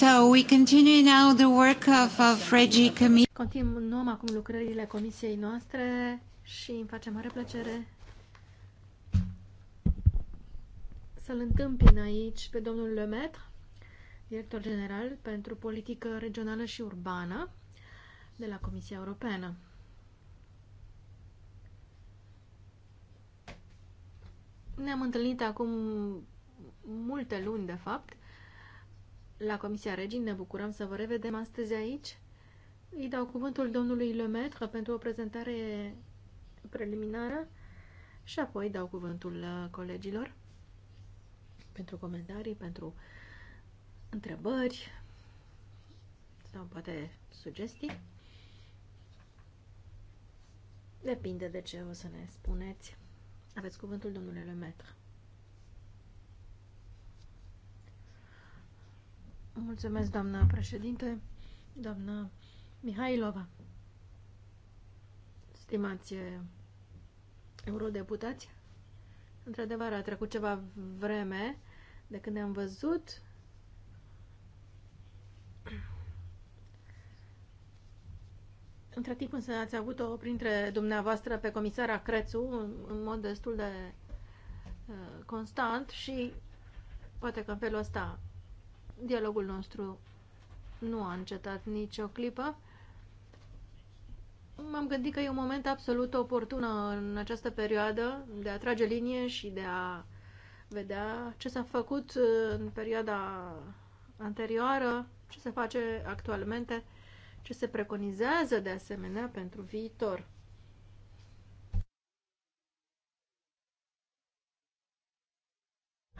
So we continue now the work of, of Continuăm acum lucrările comisiei noastre și îmi face mare plăcere să-l întâmpin aici pe domnul Lemaitre, director general pentru politică regională și urbană de la Comisia Europeană. Ne-am întâlnit acum multe luni, de fapt, la Comisia Regii. Ne bucurăm să vă revedem astăzi aici. Îi dau cuvântul domnului Lemaitre pentru o prezentare preliminară și apoi dau cuvântul uh, colegilor pentru comentarii, pentru întrebări sau poate sugestii. Depinde de ce o să ne spuneți. Aveți cuvântul, domnule Lemaitre. Mulțumesc, doamna președinte, doamna Mihailova. Stimați eurodeputați, într-adevăr a trecut ceva vreme de când am văzut Între timp însă ați avut-o printre dumneavoastră pe comisara Crețu în, în mod destul de uh, constant și poate că în felul ăsta Dialogul nostru nu a încetat nicio clipă. M-am gândit că e un moment absolut oportun în această perioadă de a trage linie și de a vedea ce s-a făcut în perioada anterioară, ce se face actualmente, ce se preconizează de asemenea pentru viitor.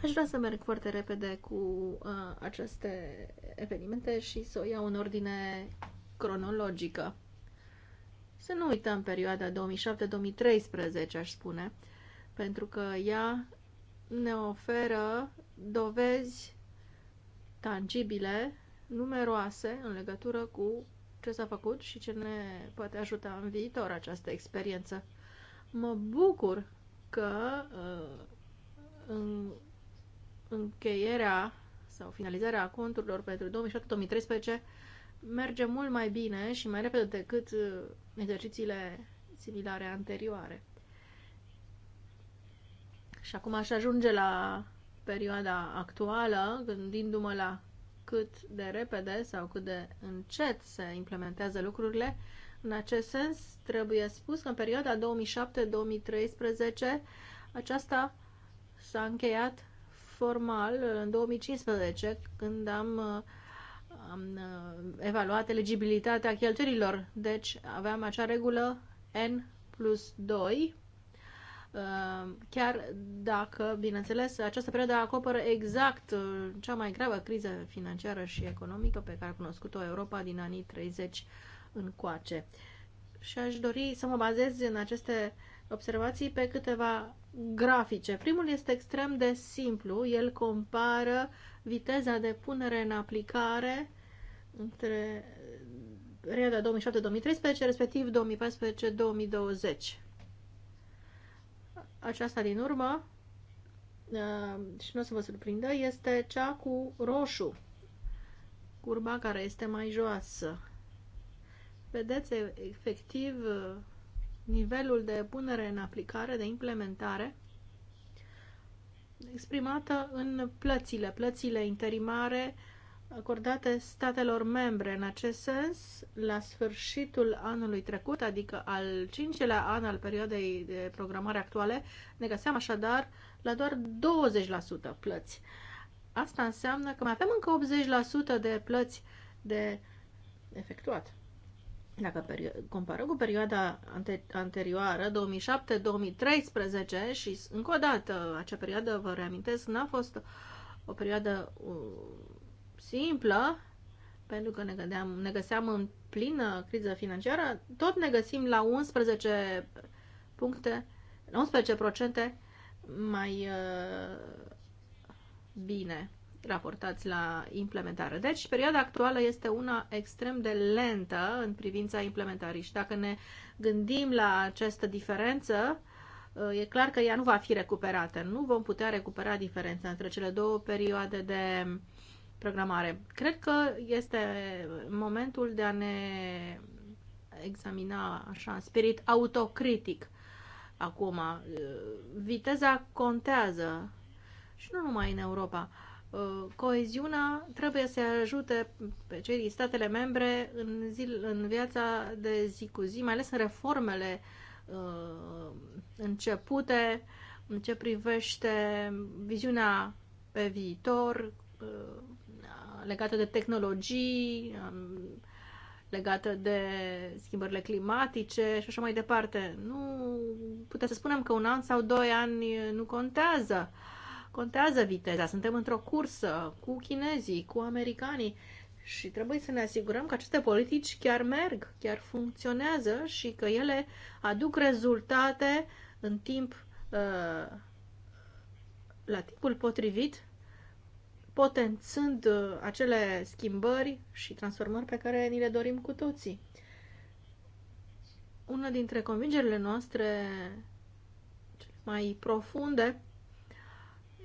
Aș vrea să merg foarte repede cu uh, aceste evenimente și să o iau în ordine cronologică. Să nu uităm perioada 2007-2013, aș spune, pentru că ea ne oferă dovezi tangibile, numeroase, în legătură cu ce s-a făcut și ce ne poate ajuta în viitor această experiență. Mă bucur că uh, în încheierea sau finalizarea conturilor pentru 2007-2013 merge mult mai bine și mai repede decât uh, exercițiile similare anterioare. Și acum aș ajunge la perioada actuală, gândindu-mă la cât de repede sau cât de încet se implementează lucrurile. În acest sens, trebuie spus că în perioada 2007-2013 aceasta s-a încheiat formal în 2015, când am, am uh, evaluat eligibilitatea cheltuielilor. Deci aveam acea regulă N plus 2, uh, chiar dacă, bineînțeles, această perioadă acoperă exact uh, cea mai gravă criză financiară și economică pe care a cunoscut-o Europa din anii 30 încoace. Și aș dori să mă bazez în aceste observații pe câteva grafice. Primul este extrem de simplu, el compară viteza de punere în aplicare între perioada 2007-2013, respectiv 2014-2020. Aceasta din urmă, uh, și nu o să vă surprindă, este cea cu roșu, curba care este mai joasă. Vedeți, efectiv, nivelul de punere în aplicare, de implementare, exprimată în plățile, plățile interimare acordate statelor membre. În acest sens, la sfârșitul anului trecut, adică al cincilea an al perioadei de programare actuale, ne găseam așadar la doar 20% plăți. Asta înseamnă că mai avem încă 80% de plăți de efectuat. Dacă comparăm cu perioada ante anterioară, 2007-2013, și încă o dată, acea perioadă, vă reamintesc, n-a fost o perioadă uh, simplă, pentru că ne, gădeam, ne găseam în plină criză financiară, tot ne găsim la 11 puncte, 11% mai uh, bine raportați la implementare. Deci, perioada actuală este una extrem de lentă în privința implementării și dacă ne gândim la această diferență, uh, e clar că ea nu va fi recuperată. Nu vom putea recupera diferența între cele două perioade de programare. Cred că este momentul de a ne examina așa, în spirit autocritic acum. Uh, viteza contează și nu numai în Europa. Uh, coeziunea trebuie să ajute pe cei din statele membre în, zil, în viața de zi cu zi, mai ales în reformele uh, începute în ce privește viziunea pe viitor uh, legată de tehnologii, um, legată de schimbările climatice și așa mai departe. Nu putem să spunem că un an sau doi ani nu contează. Uh, contează viteza. Suntem într-o cursă cu chinezii, cu americanii și trebuie să ne asigurăm că aceste politici chiar merg, chiar funcționează și că ele aduc rezultate în timp, uh, la timpul potrivit, potențând uh, acele schimbări și transformări pe care ni le dorim cu toții. Una dintre convingerile noastre mai profunde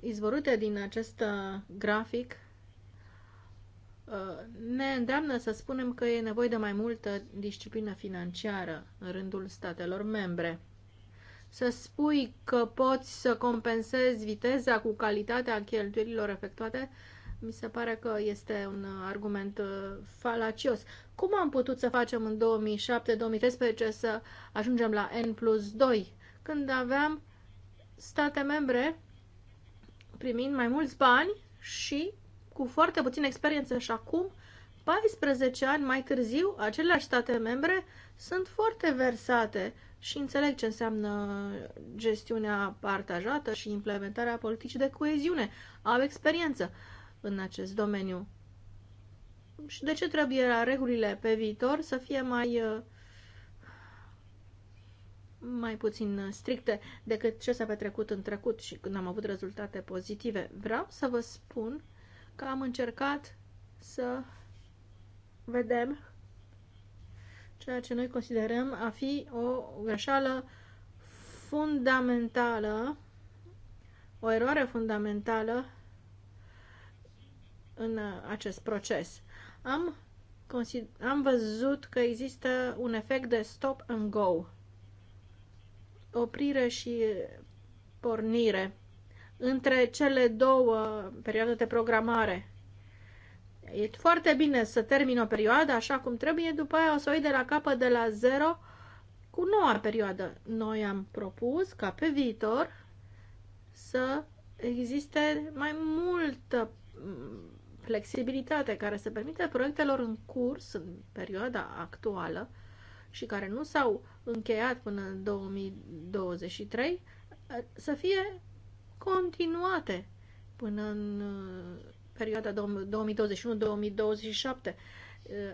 izvorute din acest uh, grafic uh, ne îndeamnă să spunem că e nevoie de mai multă disciplină financiară în rândul statelor membre. Să spui că poți să compensezi viteza cu calitatea cheltuielilor efectuate, mi se pare că este un argument uh, falacios. Cum am putut să facem în 2007-2013 să ajungem la N plus 2, când aveam state membre primind mai mulți bani și cu foarte puțină experiență și acum, 14 ani mai târziu, aceleași state membre sunt foarte versate și înțeleg ce înseamnă gestiunea partajată și implementarea politicii de coeziune. Au experiență în acest domeniu. Și de ce trebuie regulile pe viitor să fie mai uh, mai puțin stricte decât ce s-a petrecut în trecut și când am avut rezultate pozitive. Vreau să vă spun că am încercat să vedem ceea ce noi considerăm a fi o greșeală fundamentală, o eroare fundamentală în acest proces. Am, am văzut că există un efect de stop and go oprire și pornire între cele două perioade de programare. E foarte bine să termin o perioadă așa cum trebuie, după aia o să o iei de la capăt de la zero cu noua perioadă. Noi am propus ca pe viitor să existe mai multă mm, flexibilitate care să permite proiectelor în curs, în perioada actuală, și care nu s-au încheiat până în 2023 să fie continuate până în uh, perioada 2021-2027. Uh,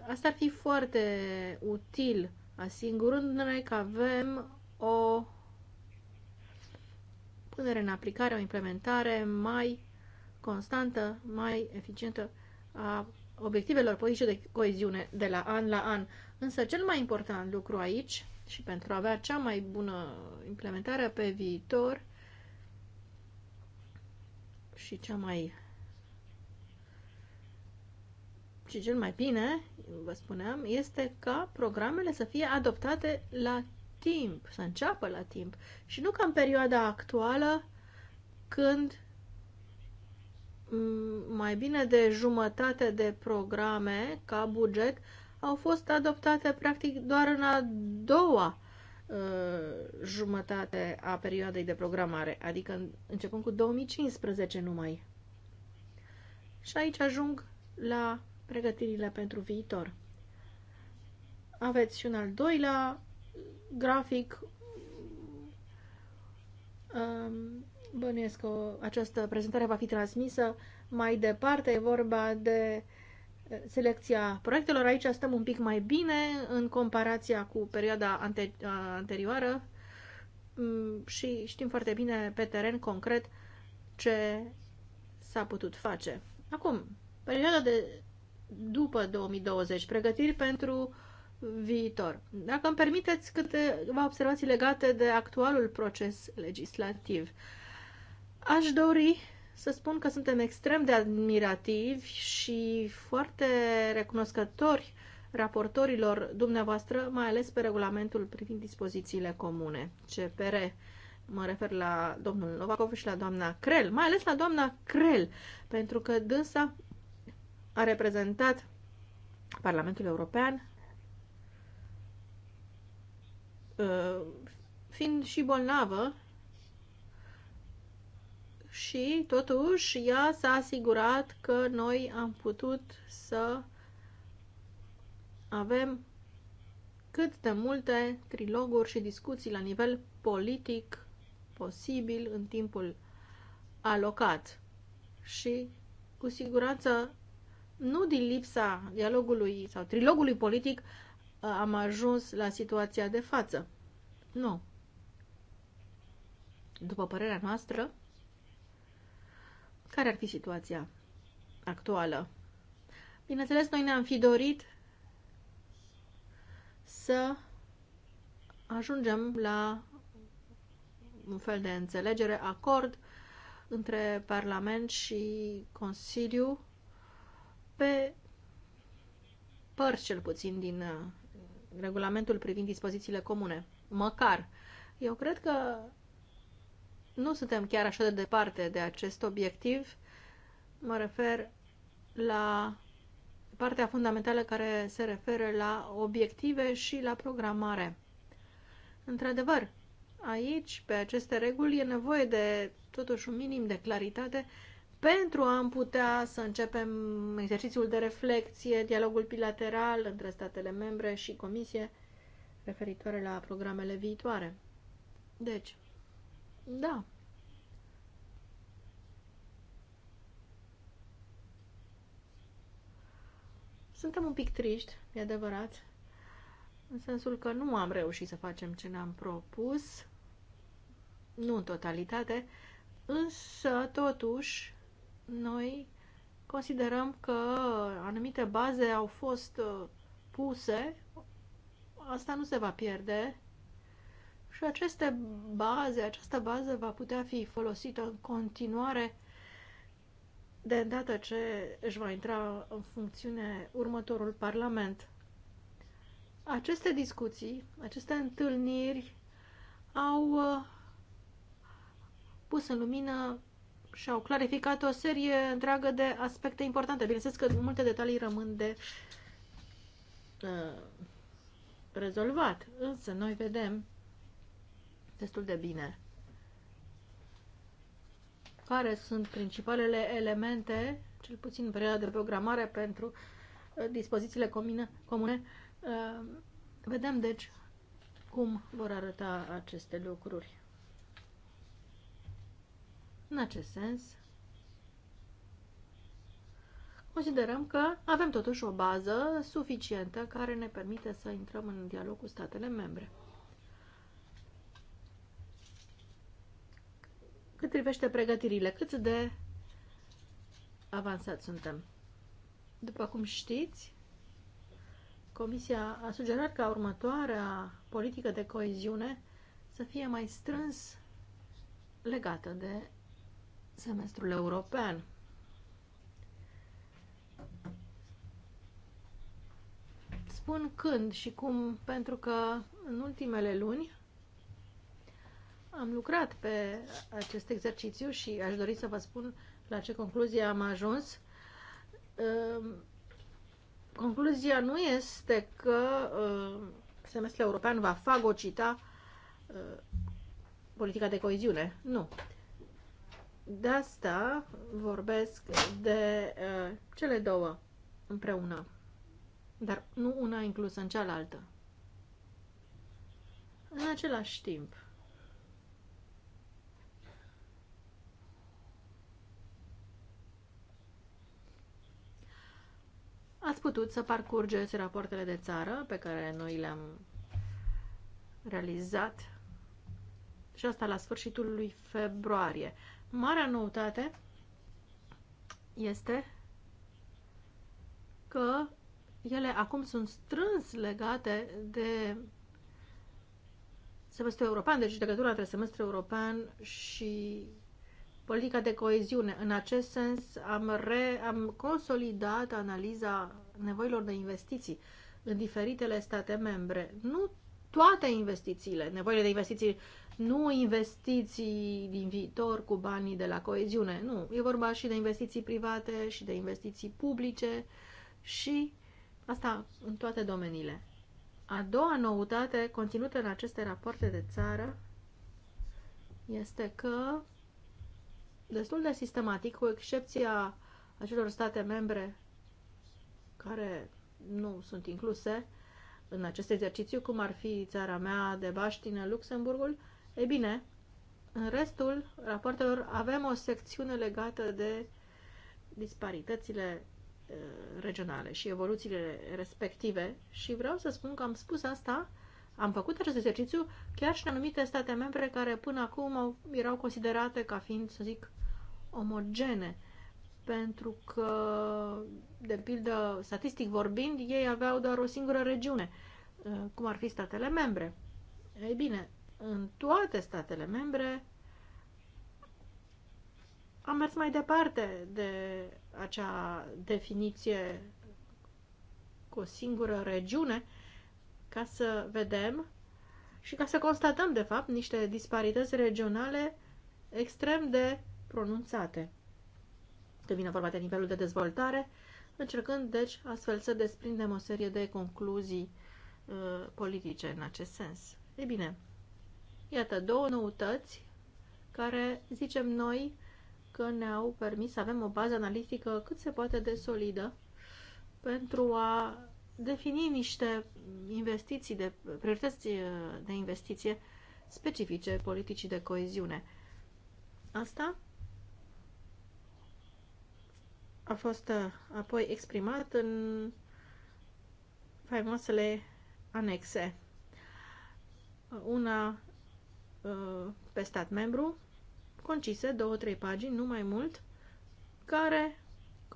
asta ar fi foarte util, asigurându-ne că avem o punere în aplicare, o implementare mai constantă, mai eficientă a obiectivelor politice de coeziune de la an la an. Însă cel mai important lucru aici și pentru a avea cea mai bună implementare pe viitor și cea mai și cel mai bine, vă spuneam, este ca programele să fie adoptate la timp, să înceapă la timp și nu ca în perioada actuală când mai bine de jumătate de programe ca buget au fost adoptate practic doar în a doua uh, jumătate a perioadei de programare, adică începând cu 2015 numai. Și aici ajung la pregătirile pentru viitor. Aveți și un al doilea grafic um, Bănuiesc că această prezentare va fi transmisă mai departe. E vorba de eh, selecția proiectelor. Aici stăm un pic mai bine în comparația cu perioada ante anterioară mm, și știm foarte bine pe teren concret ce s-a putut face. Acum, perioada de după 2020, pregătiri pentru viitor. Dacă îmi permiteți câteva observații legate de actualul proces legislativ. Uh, Aș dori să spun că suntem extrem de admirativi și foarte recunoscători raportorilor dumneavoastră, mai ales pe regulamentul privind dispozițiile comune, CPR. Mă refer la domnul Novakov și la doamna Crel, mai ales la doamna Crel, pentru că dânsa a reprezentat Parlamentul European uh, fiind și bolnavă și totuși ea s-a asigurat că noi am putut să avem cât de multe triloguri și discuții la nivel politic posibil în timpul alocat. Și cu siguranță nu din lipsa dialogului sau trilogului politic uh, am ajuns la situația de față. Nu. După părerea noastră, care ar fi situația actuală? Bineînțeles, noi ne-am fi dorit să ajungem la un fel de înțelegere, acord între Parlament și Consiliu pe părți cel puțin din uh, regulamentul privind dispozițiile comune. Măcar. Eu cred că nu suntem chiar așa de departe de acest obiectiv. Mă refer la partea fundamentală care se referă la obiective și la programare. Într-adevăr, aici, pe aceste reguli, e nevoie de totuși un minim de claritate pentru a putea să începem exercițiul de reflexie, dialogul bilateral între statele membre și comisie referitoare la programele viitoare. Deci, da. Suntem un pic triști, e adevărat, în sensul că nu am reușit să facem ce ne-am propus, nu în totalitate, însă, totuși, noi considerăm că anumite baze au fost uh, puse, asta nu se va pierde și aceste baze, această bază va putea fi folosită în continuare de îndată ce își va intra în funcțiune următorul Parlament. Aceste discuții, aceste întâlniri au uh, pus în lumină și au clarificat o serie întreagă de aspecte importante. Bineînțeles că multe detalii rămân de uh, rezolvat, însă noi vedem destul de bine. Care sunt principalele elemente, cel puțin în perioada de programare pentru uh, dispozițiile comune, comune uh, Vedem, deci, cum vor arăta aceste lucruri. În acest sens, considerăm că avem totuși o bază suficientă care ne permite să intrăm în dialog cu statele membre. Cât privește pregătirile, cât de avansat suntem? După cum știți, Comisia a sugerat ca următoarea politică de coeziune să fie mai strâns legată de semestrul european. Spun când și cum, pentru că în ultimele luni am lucrat pe acest exercițiu și aș dori să vă spun la ce concluzie am ajuns. Ehm, concluzia nu este că ehm, semestrul european va fagocita ehm, politica de coeziune. Nu. De asta vorbesc de cele două împreună, dar nu una inclusă în cealaltă. În același timp, ați putut să parcurgeți rapoartele de țară pe care noi le-am realizat și asta la sfârșitul lui februarie. Marea noutate este că ele acum sunt strâns legate de semestrul european, deci legătura între semestrul european și politica de coeziune. În acest sens am, re, am consolidat analiza nevoilor de investiții în diferitele state membre. Nu toate investițiile, nevoile de investiții, nu investiții din viitor cu banii de la coeziune, nu. E vorba și de investiții private și de investiții publice și asta în toate domeniile. A doua noutate conținută în aceste rapoarte de țară este că destul de sistematic, cu excepția acelor state membre care nu sunt incluse în acest exercițiu, cum ar fi țara mea de Baștine, Luxemburgul, e bine, în restul rapoartelor avem o secțiune legată de disparitățile regionale și evoluțiile respective și vreau să spun că am spus asta, am făcut acest exercițiu chiar și în anumite state membre care până acum erau considerate ca fiind, să zic, omogene, pentru că, de pildă, statistic vorbind, ei aveau doar o singură regiune, uh, cum ar fi statele membre. Ei bine, în toate statele membre am mers mai departe de acea definiție cu o singură regiune ca să vedem și ca să constatăm, de fapt, niște disparități regionale extrem de pronunțate când vine vorba de nivelul de dezvoltare, încercând, deci, astfel să desprindem o serie de concluzii uh, politice în acest sens. Ei bine, iată două noutăți care, zicem noi, că ne-au permis să avem o bază analitică cât se poate de solidă pentru a defini niște investiții de priorități uh, de investiție specifice politicii de coeziune. Asta a fost uh, apoi exprimat în faimoasele anexe. Una uh, pe stat membru, concise, două, trei pagini, nu mai mult, care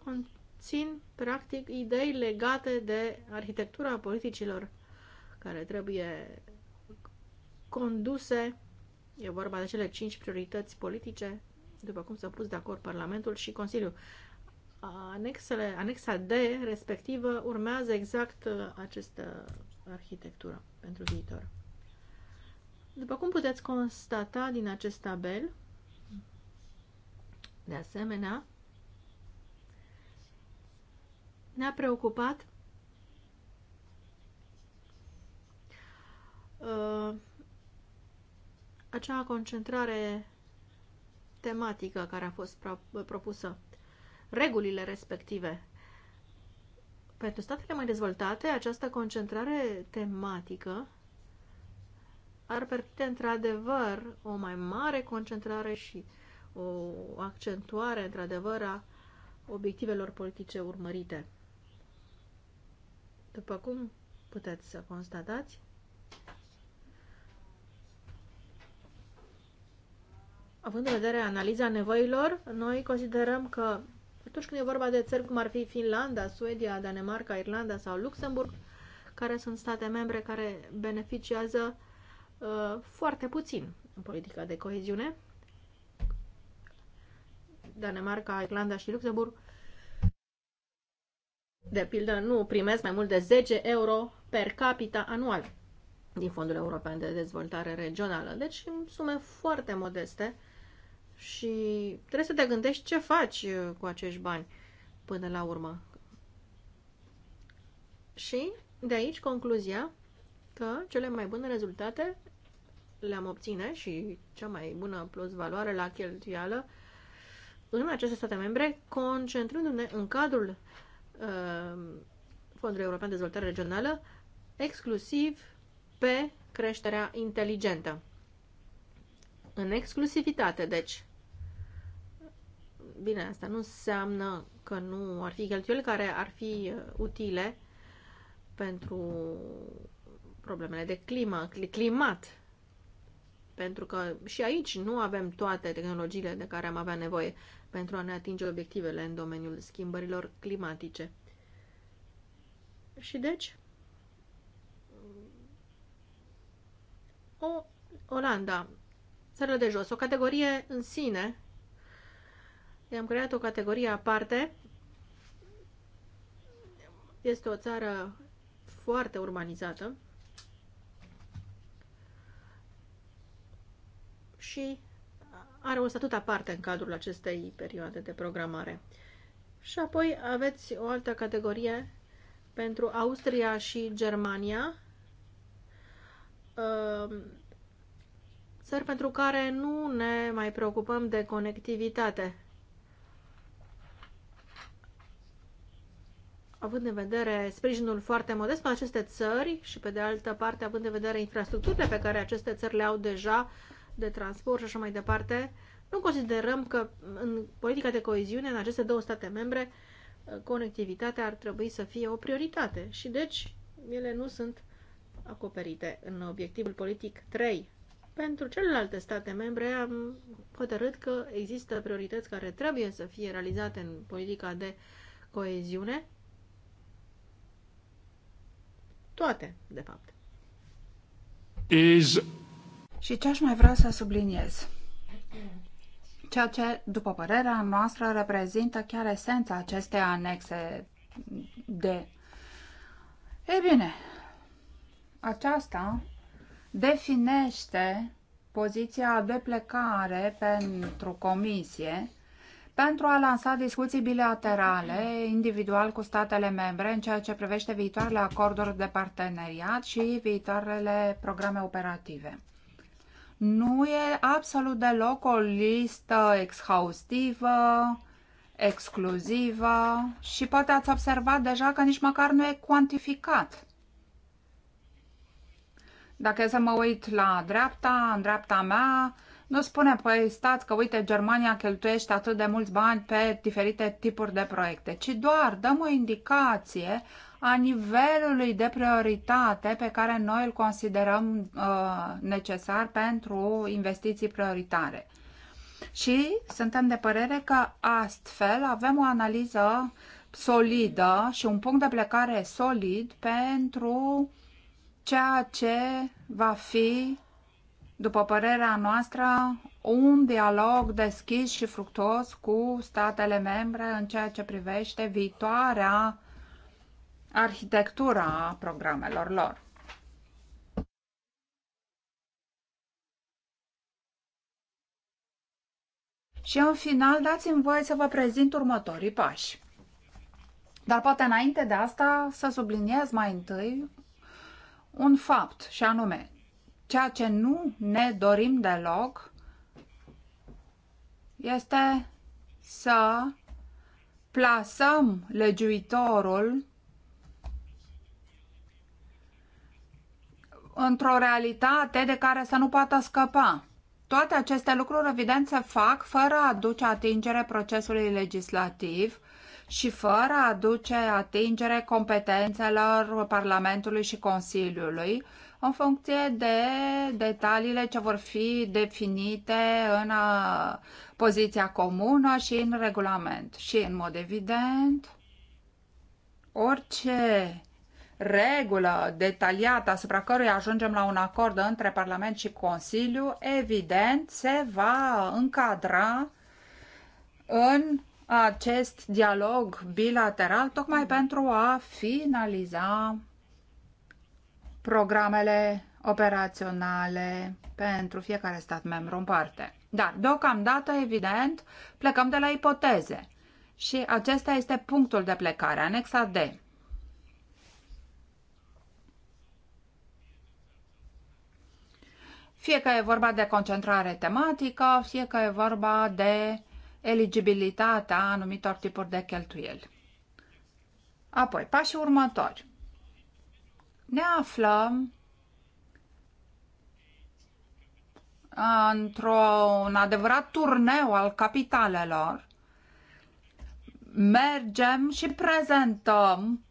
conțin, practic, idei legate de arhitectura politicilor care trebuie conduse. E vorba de cele cinci priorități politice, după cum s-a pus de acord Parlamentul și Consiliul anexele, anexa D respectivă urmează exact uh, această arhitectură pentru viitor. După cum puteți constata din acest tabel, de asemenea, ne-a preocupat uh, acea concentrare tematică care a fost propusă regulile respective. Pentru statele mai dezvoltate, această concentrare tematică ar permite într-adevăr o mai mare concentrare și o accentuare într-adevăr a obiectivelor politice urmărite. După cum puteți să constatați, având în vedere analiza nevoilor, noi considerăm că atunci când e vorba de țări cum ar fi Finlanda, Suedia, Danemarca, Irlanda sau Luxemburg, care sunt state membre care beneficiază uh, foarte puțin în politica de coeziune, Danemarca, Irlanda și Luxemburg, de pildă, nu primesc mai mult de 10 euro per capita anual din Fondul European de Dezvoltare Regională. Deci sume foarte modeste și trebuie să te gândești ce faci uh, cu acești bani până la urmă. Și de aici concluzia că cele mai bune rezultate le-am obține și cea mai bună plus valoare la cheltuială în aceste state membre, concentrându-ne în cadrul uh, Fondului European de Dezvoltare Regională exclusiv pe creșterea inteligentă în exclusivitate, deci. Bine, asta nu înseamnă că nu ar fi cheltuieli care ar fi uh, utile pentru problemele de climă, climat, pentru că și aici nu avem toate tehnologiile de care am avea nevoie pentru a ne atinge obiectivele în domeniul schimbărilor climatice. Și deci, o Olanda țările de jos. O categorie în sine. I-am creat o categorie aparte. Este o țară foarte urbanizată. Și are un statut aparte în cadrul acestei perioade de programare. Și apoi aveți o altă categorie pentru Austria și Germania. Ehm, țări pentru care nu ne mai preocupăm de conectivitate. Având în vedere sprijinul foarte modest pe aceste țări și, pe de altă parte, având în vedere infrastructurile pe care aceste țări le au deja de transport și așa mai departe, nu considerăm că în politica de coeziune în aceste două state membre conectivitatea ar trebui să fie o prioritate și deci ele nu sunt acoperite în obiectivul politic 3 pentru celelalte state membre am hotărât că există priorități care trebuie să fie realizate în politica de coeziune. Toate, de fapt. Is... Și ce aș mai vrea să subliniez? Ceea ce, după părerea noastră, reprezintă chiar esența acestei anexe de... Ei bine, aceasta definește poziția de plecare pentru comisie pentru a lansa discuții bilaterale, individual cu statele membre, în ceea ce privește viitoarele acorduri de parteneriat și viitoarele programe operative. Nu e absolut deloc o listă exhaustivă, exclusivă și poate ați observat deja că nici măcar nu e cuantificat dacă e să mă uit la dreapta, în dreapta mea, nu spune, păi stați că uite, Germania cheltuiește atât de mulți bani pe diferite tipuri de proiecte, ci doar dăm o indicație a nivelului de prioritate pe care noi îl considerăm uh, necesar pentru investiții prioritare. Și suntem de părere că astfel avem o analiză solidă și un punct de plecare solid pentru uh, ceea ce va fi, după părerea noastră, un dialog deschis și fructuos cu statele membre în ceea ce privește viitoarea arhitectura programelor lor. Și în final, dați-mi voie să vă prezint următorii pași. Dar poate înainte de asta să subliniez mai întâi un fapt, și anume, ceea ce nu ne dorim deloc este să plasăm legiuitorul într-o realitate de care să nu poată scăpa. Toate aceste lucruri, evident, se fac fără a duce atingere procesului legislativ și fără a aduce atingere competențelor Parlamentului și Consiliului în funcție de detaliile ce vor fi definite în uh, poziția comună și în regulament. Și, în mod evident, orice regulă detaliată asupra cărui ajungem la un acord între Parlament și Consiliu, evident, se va încadra în acest dialog bilateral tocmai pentru a finaliza programele operaționale pentru fiecare stat membru în parte. Dar, deocamdată, evident, plecăm de la ipoteze. Și acesta este punctul de plecare, anexa D. Fie că e vorba de concentrare tematică, fie că e vorba de eligibilitatea anumitor tipuri de cheltuieli. Apoi, pașii următori. Ne aflăm într-un adevărat turneu al capitalelor. Mergem și prezentăm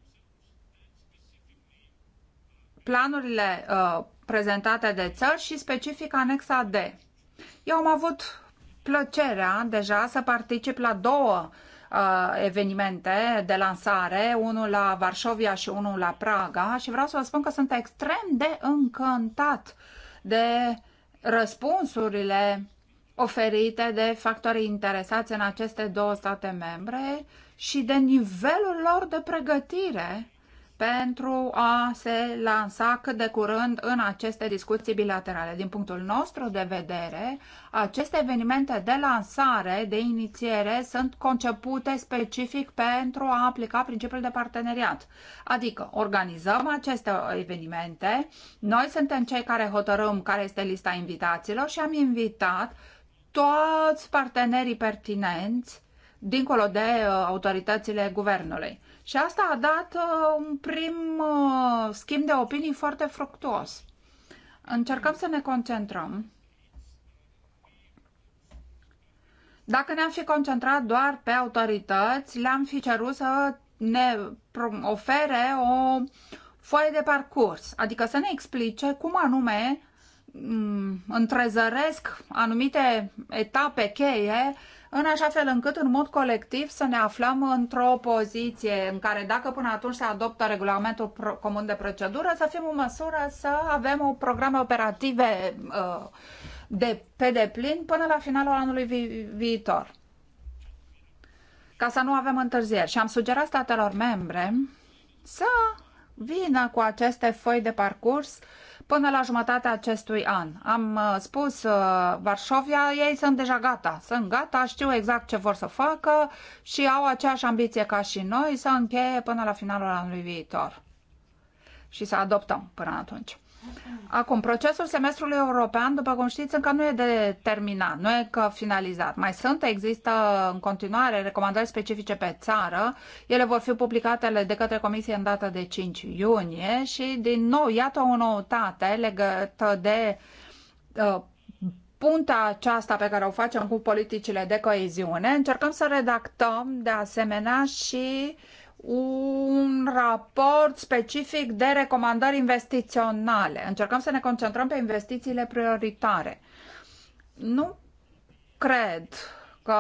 planurile uh, prezentate de țări și specific anexa D. Eu am avut plăcerea deja să particip la două uh, evenimente de lansare, unul la Varșovia și unul la Praga și vreau să vă spun că sunt extrem de încântat de răspunsurile oferite de factorii interesați în aceste două state membre și de nivelul lor de pregătire pentru a se lansa cât de curând în aceste discuții bilaterale. Din punctul nostru de vedere, aceste evenimente de lansare, de inițiere, sunt concepute specific pentru a aplica principiul de parteneriat. Adică, organizăm aceste evenimente, noi suntem cei care hotărâm care este lista invitaților și am invitat toți partenerii pertinenți dincolo de uh, autoritățile guvernului. Și asta a dat uh, un prim uh, schimb de opinii foarte fructuos. Încercăm să ne concentrăm Dacă ne-am fi concentrat doar pe autorități, le-am fi cerut să ne ofere o foaie de parcurs, adică să ne explice cum anume întrezăresc anumite etape cheie în așa fel încât în mod colectiv să ne aflăm într-o poziție în care dacă până atunci se adoptă regulamentul comun de procedură, să fim în măsură să avem o programă operative uh, de, pe deplin până la finalul anului vi- viitor. Ca să nu avem întârzieri. Și am sugerat statelor membre să vină cu aceste foi de parcurs uh, până la jumătatea acestui an. Am uh, spus uh, Varșovia, ei sunt deja gata, sunt gata, știu exact ce vor să facă și au aceeași ambiție ca și noi să încheie până la finalul anului viitor și să adoptăm până atunci. Acum, procesul semestrului european, după cum știți, încă nu e de terminat, nu e că finalizat. Mai sunt, există în continuare recomandări specifice pe țară. Ele vor fi publicate de către Comisie în data de 5 iunie și, din nou, iată o noutate legată de uh, punta aceasta pe care o facem cu politicile de coeziune. Încercăm să redactăm, de asemenea, și uh, un raport specific de recomandări investiționale. Încercăm să ne concentrăm pe investițiile prioritare. Nu cred că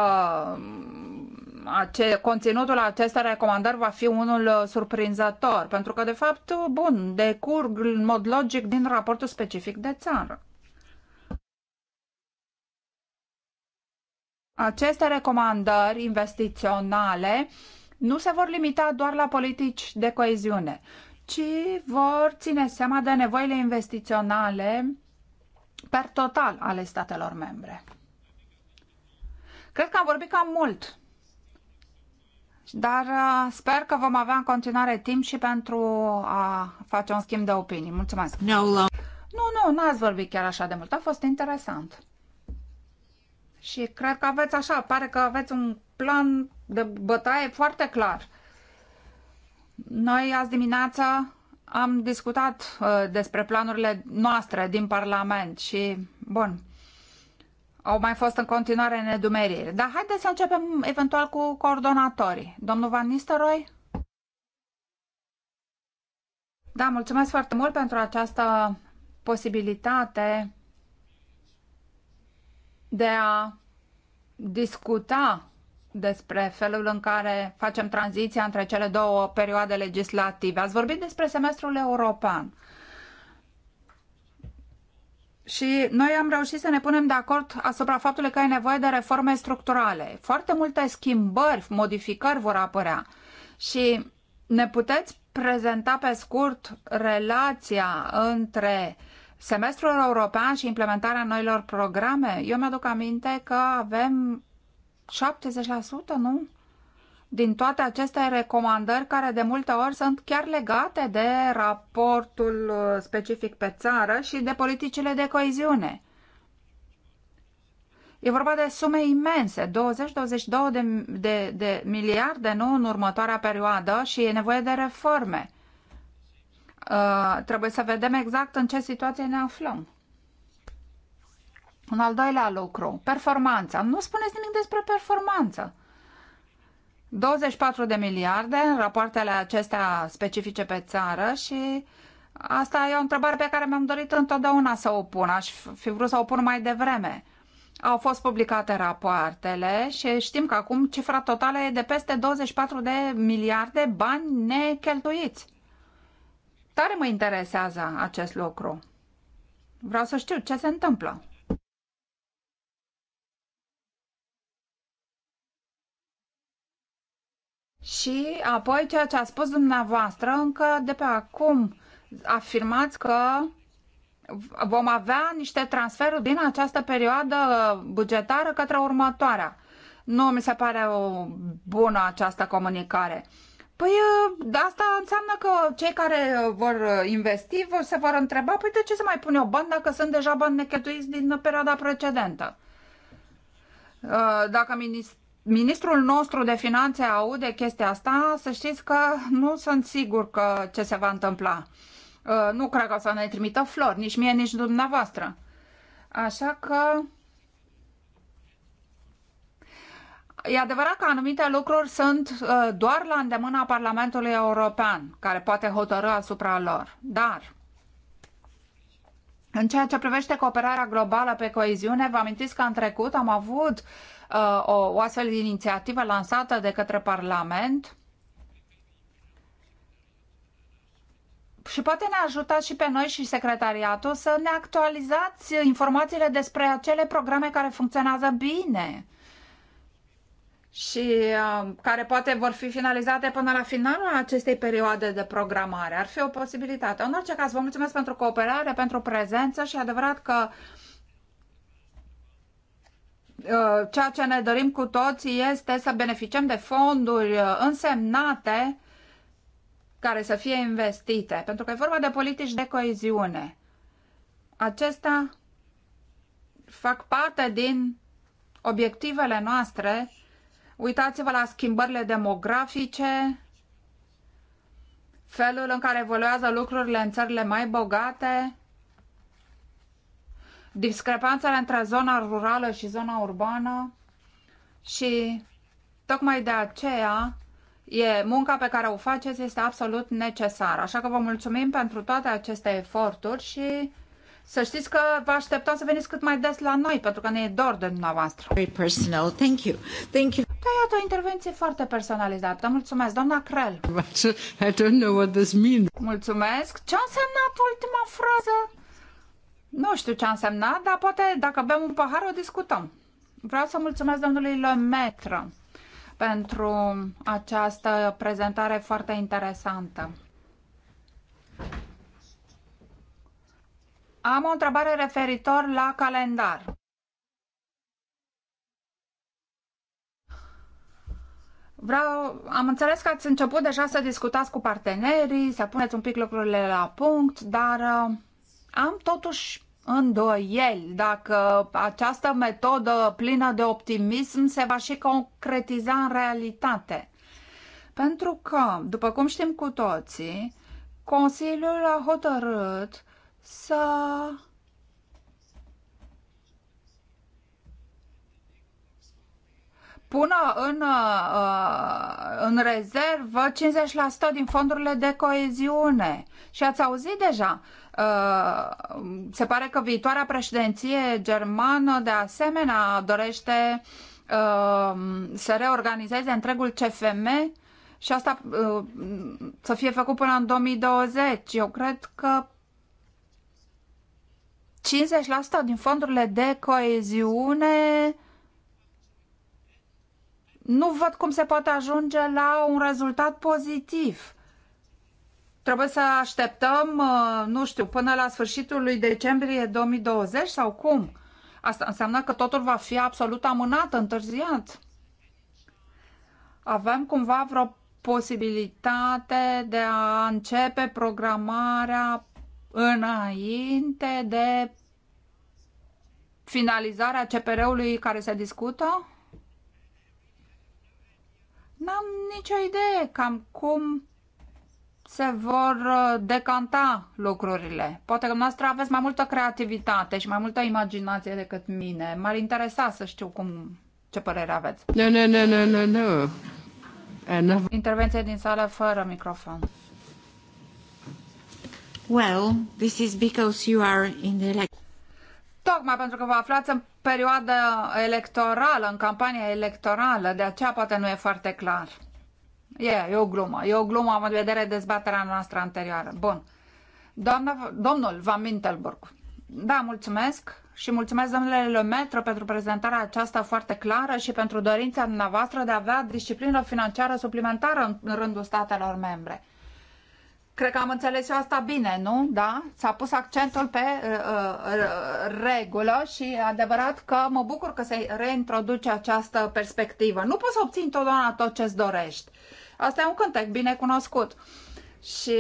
mm, ace- conținutul acestei recomandări va fi unul uh, surprinzător, pentru că, de fapt, uh, bun, decurg în mod logic din raportul specific de țară. Aceste recomandări investiționale uh, nu se vor limita doar la politici de coeziune, ci vor ține seama de nevoile investiționale per total ale statelor membre. Cred că am vorbit cam mult, dar uh, sper că vom avea în continuare timp și pentru a face un schimb de opinii. Mulțumesc! No, no. Nu, nu, n-ați vorbit chiar așa de mult. A fost interesant. Și cred că aveți așa, pare că aveți un plan de bătaie foarte clar. Noi azi dimineața am discutat uh, despre planurile noastre din Parlament și, bun, au mai fost în continuare nedumeriri. Dar haideți să începem eventual cu coordonatorii. Domnul Van Nistelrooy? Da, mulțumesc foarte mult pentru această posibilitate de a discuta despre felul în care facem tranziția între cele două perioade legislative. Ați vorbit despre semestrul european. Și noi am reușit să ne punem de acord asupra faptului că e nevoie de reforme structurale. Foarte multe schimbări, modificări vor apărea. Și ne puteți prezenta pe scurt relația între semestrul european și implementarea noilor programe? Eu mi-aduc aminte că avem 70%, nu? Din toate aceste recomandări care de multe ori sunt chiar legate de raportul uh, specific pe țară și de politicile de coeziune. E vorba de sume imense, 20-22 de, de, de miliarde nu în următoarea perioadă și e nevoie de reforme. Uh, trebuie să vedem exact în ce situație ne aflăm. Un al doilea lucru, performanța. Nu spuneți nimic despre performanță. 24 de miliarde în rapoartele acestea specifice pe țară și asta e o întrebare pe care mi-am dorit întotdeauna să o pun. Aș fi vrut să o pun mai devreme. Au fost publicate rapoartele și știm că acum cifra totală e de peste 24 de miliarde bani necheltuiți. Tare mă interesează acest lucru. Vreau să știu ce se întâmplă. Și apoi ceea ce a spus dumneavoastră, încă de pe acum afirmați că vom avea niște transferuri din această perioadă bugetară către următoarea. Nu mi se pare o bună această comunicare. Păi ă, asta înseamnă că cei care vor investi vor, se vor întreba, păi de ce se mai pune o bani dacă sunt deja bani necheltuiți din perioada precedentă? Ă, dacă ministrul ministrul nostru de finanțe aude chestia asta, să știți că nu sunt sigur că ce se va întâmpla. Uh, nu cred că o să ne trimită flori, nici mie, nici dumneavoastră. Așa că... E adevărat că anumite lucruri sunt uh, doar la îndemâna Parlamentului European, care poate hotărâ asupra lor. Dar în ceea ce privește cooperarea globală pe coeziune, vă amintiți că în trecut am avut uh, uh, o, o astfel de inițiativă lansată de către Parlament și poate ne ajutați și pe noi și secretariatul să ne actualizați informațiile despre acele programe care funcționează bine și uh, care poate vor fi finalizate până la finalul acestei perioade de programare. Ar fi o posibilitate. În orice caz, vă mulțumesc pentru cooperare, pentru prezență și adevărat că uh, Uh, ceea ce ne dorim cu toții este să beneficiem de fonduri uh, însemnate care să fie investite, pentru că e vorba de politici de coeziune. Acestea fac parte din obiectivele noastre. Uitați-vă la schimbările demografice, felul în care evoluează lucrurile în țările mai bogate, discrepanțele între zona rurală și zona urbană și tocmai de aceea e, munca pe care o faceți este absolut necesară. Așa că vă mulțumim pentru toate aceste eforturi și să știți că vă așteptăm să veniți cât mai des la noi, pentru că ne e dor de dumneavoastră. Very personal. Thank you. Thank you. Da, iată o intervenție foarte personalizată. Mulțumesc, doamna Crel. I don't know what this means. Mulțumesc. Ce a însemnat ultima frază? Nu știu ce a însemnat, dar poate dacă bem un pahar o discutăm. Vreau să mulțumesc domnului Lemetră pentru această prezentare foarte interesantă. Am o întrebare referitor la calendar. Vreau, am înțeles că ați început deja să discutați cu partenerii, să puneți un pic lucrurile la punct, dar uh, am totuși îndoieli dacă această metodă plină de optimism se va și concretiza în realitate. Pentru că, după cum știm cu toții, Consiliul a hotărât să pună în, uh, în rezervă 50% din fondurile de coeziune. Și ați auzit deja, uh, se pare că viitoarea președinție germană de asemenea dorește uh, să reorganizeze întregul CFM și asta să fie făcut până în 2020. Eu cred că 50% din fondurile de coeziune nu văd cum se poate ajunge la un rezultat pozitiv. Trebuie să așteptăm, uh, nu știu, până la sfârșitul lui decembrie 2020 sau cum? Asta înseamnă că totul va fi absolut amânat, întârziat. Avem cumva vreo posibilitate de a începe programarea înainte de finalizarea CPR-ului care se discută? N-am nicio idee cam cum se vor uh, decanta lucrurile. Poate că noastră aveți mai multă creativitate și mai multă imaginație decât mine. M-ar interesa să știu cum, ce părere aveți. Nu, nu, nu, nu, nu, nu. Intervenție din sală fără microfon. Well, this is because you are in the Tocmai pentru că vă aflați în perioadă electorală, în campania electorală, de aceea poate nu e foarte clar. E, e o glumă. E o glumă, am în vedere dezbaterea noastră anterioară. Bun. Doamna, domnul Van Mintelburg. Da, mulțumesc și mulțumesc domnule Lemetro pentru prezentarea aceasta foarte clară și pentru dorința dumneavoastră de a avea disciplină financiară suplimentară în rândul statelor membre. Cred că am înțeles eu asta bine, nu? Da? S-a pus accentul pe uh, uh regulă și adevărat că mă bucur că se reintroduce această perspectivă. Nu poți să obții întotdeauna tot ce-ți dorești. Asta e un cântec bine cunoscut. Și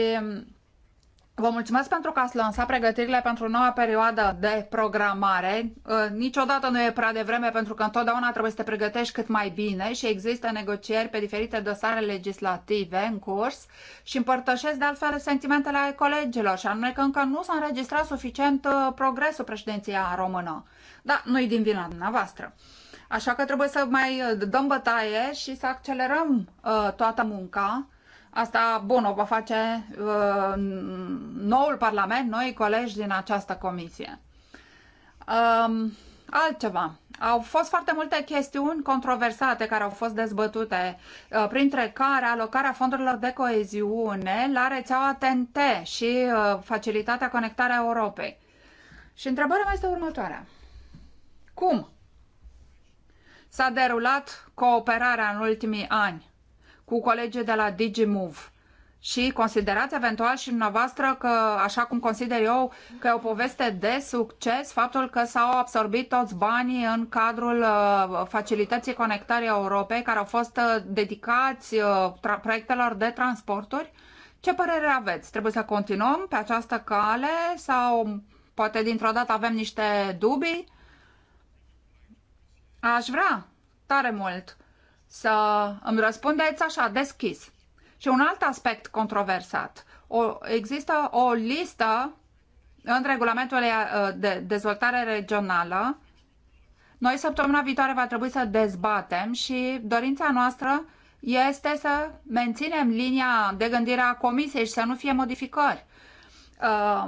Vă mulțumesc pentru că ați lansat pregătirile pentru noua perioadă de programare. Uh, niciodată nu e prea devreme pentru că întotdeauna trebuie să te pregătești cât mai bine și există negocieri pe diferite dosare legislative în curs și împărtășesc de altfel sentimentele ale colegilor și anume că încă nu s-a înregistrat suficient uh, progresul președinția română. Da, nu-i din vina dumneavoastră. Așa că trebuie să mai uh, dăm bătaie și să accelerăm uh, toată munca Asta, bun, o va face uh, noul Parlament, noi colegi din această comisie. Um, altceva. Au fost foarte multe chestiuni controversate care au fost dezbătute, uh, printre care alocarea fondurilor de coeziune la rețeaua TNT și uh, facilitatea conectarea Europei. Și întrebarea mea este următoarea. Cum s-a derulat cooperarea în ultimii ani? cu colegii de la DigiMove. Și considerați eventual și dumneavoastră că, așa cum consider eu, că e o poveste de succes faptul că s-au absorbit toți banii în cadrul uh, facilității conectării Europei care au fost uh, dedicați uh, proiectelor de transporturi? Ce părere aveți? Trebuie să continuăm pe această cale sau poate dintr-o dată avem niște dubii? Aș vrea tare mult să îmi răspundeți așa, deschis. Și un alt aspect controversat. O, există o listă în regulamentul ă, de dezvoltare regională. Noi săptămâna viitoare va trebui să dezbatem și dorința noastră este să menținem linia de gândire a comisiei și să nu fie modificări. Uh,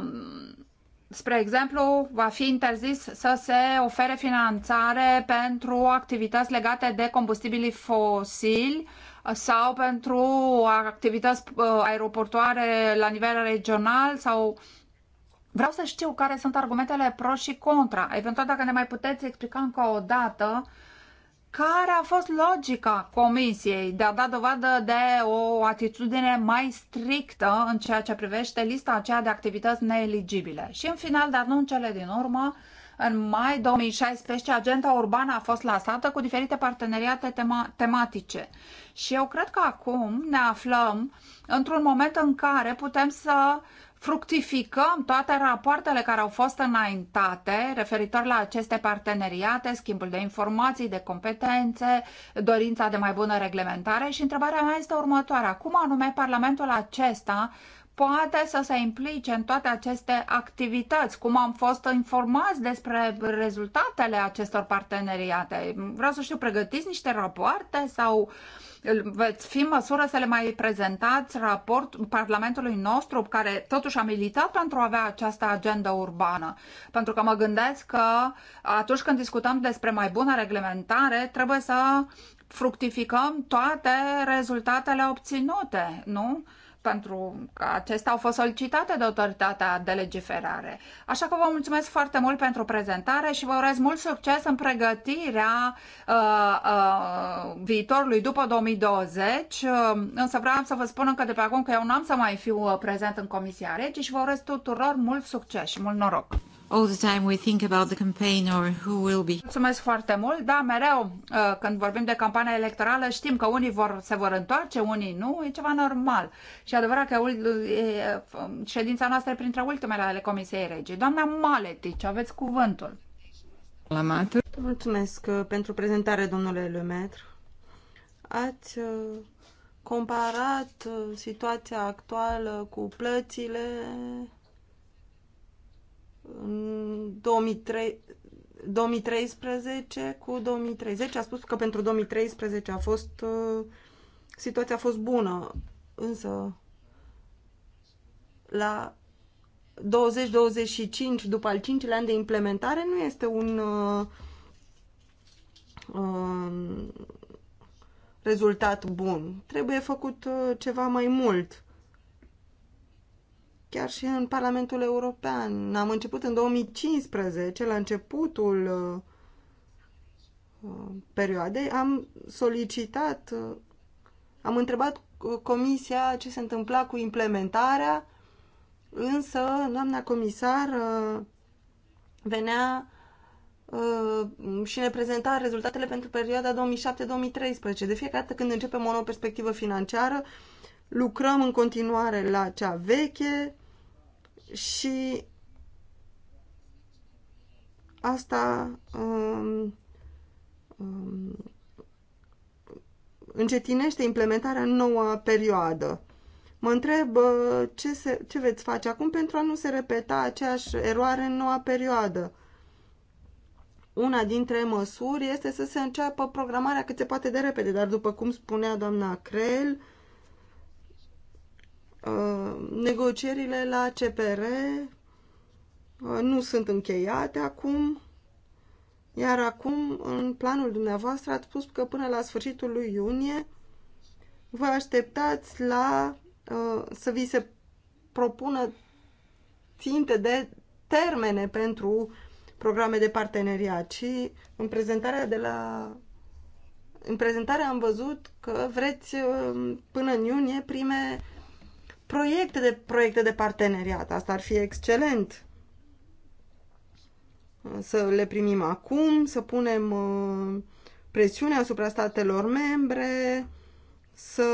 spre exemplu, va fi interzis să se ofere finanțare pentru activități legate de combustibilii fosili sau pentru activități uh, aeroportoare la nivel regional sau Vreau să știu care sunt argumentele pro și contra. Eventual, dacă ne mai puteți explica încă o dată care a fost logica comisiei de a da dovadă de o atitudine mai strictă în ceea ce privește lista aceea de activități neeligibile. Și în final, dar nu în cele din urmă, în mai 2016, agenda urbană a fost lansată cu diferite parteneriate tema- tematice. Și eu cred că acum ne aflăm într-un moment în care putem să fructificăm toate rapoartele care au fost înaintate referitor la aceste parteneriate, schimbul de informații, de competențe, dorința de mai bună reglementare și întrebarea mea este următoarea. Cum anume Parlamentul acesta poate să se implice în toate aceste activități, cum am fost informați despre rezultatele acestor parteneriate. Vreau să știu, pregătiți niște rapoarte sau uh, veți fi în măsură să le mai prezentați raport Parlamentului nostru, care totuși a militat pentru a avea această agendă urbană. Pentru că mă gândesc că atunci când discutăm despre mai bună reglementare, trebuie să fructificăm toate rezultatele obținute, nu? pentru că acestea au fost solicitate de autoritatea de legiferare. Așa că vă mulțumesc foarte mult pentru prezentare și vă urez mult succes în pregătirea uh, uh, viitorului după 2020. Uh, însă vreau să vă spun încă de pe acum că eu n-am să mai fiu uh, prezent în Comisia Regii și vă urez tuturor mult succes și mult noroc! all the time we think about the campaign or who will be. Mulțumesc foarte mult. Da, mereu uh, când vorbim de campania electorală știm că unii vor, se vor întoarce, unii nu, e ceva normal. Și adevărat că e, ședința noastră e printre ultimele ale Comisiei Regii. Doamna Maletici, aveți cuvântul. Lamat. Mulțumesc uh, pentru prezentare, domnule Lemaitre. Ați uh, comparat situația actuală cu plățile în 2003, 2013 cu 2030. A spus că pentru 2013 a fost, uh, situația a fost bună, însă la 20-25 după al 5 an de implementare nu este un uh, um, rezultat bun. Trebuie făcut uh, ceva mai mult chiar și în Parlamentul European. Am început în 2015, la începutul uh, uh, perioadei, am solicitat, uh, am întrebat Comisia ce se întâmpla cu implementarea, însă doamna comisar venea și ne prezenta rezultatele pentru perioada 2007-2013. De fiecare dată când începem o nouă perspectivă financiară, lucrăm în continuare la cea veche și asta um, um, încetinește implementarea în noua perioadă. Mă întreb uh, ce, se, ce veți face acum pentru a nu se repeta aceeași eroare în noua perioadă. Una dintre măsuri este să se înceapă programarea cât se poate de repede, dar după cum spunea doamna Creel, uh, Uh, negocierile la CPR uh, nu sunt încheiate acum, iar acum, în planul dumneavoastră, ați spus că până la sfârșitul lui iunie vă așteptați la uh, să vi se propună ținte de termene pentru programe de parteneriat și în prezentarea de la în prezentarea am văzut că vreți până în iunie prime proiecte de, proiecte de parteneriat. Asta ar fi excelent. Să le primim acum, să punem uh, presiune asupra statelor membre, să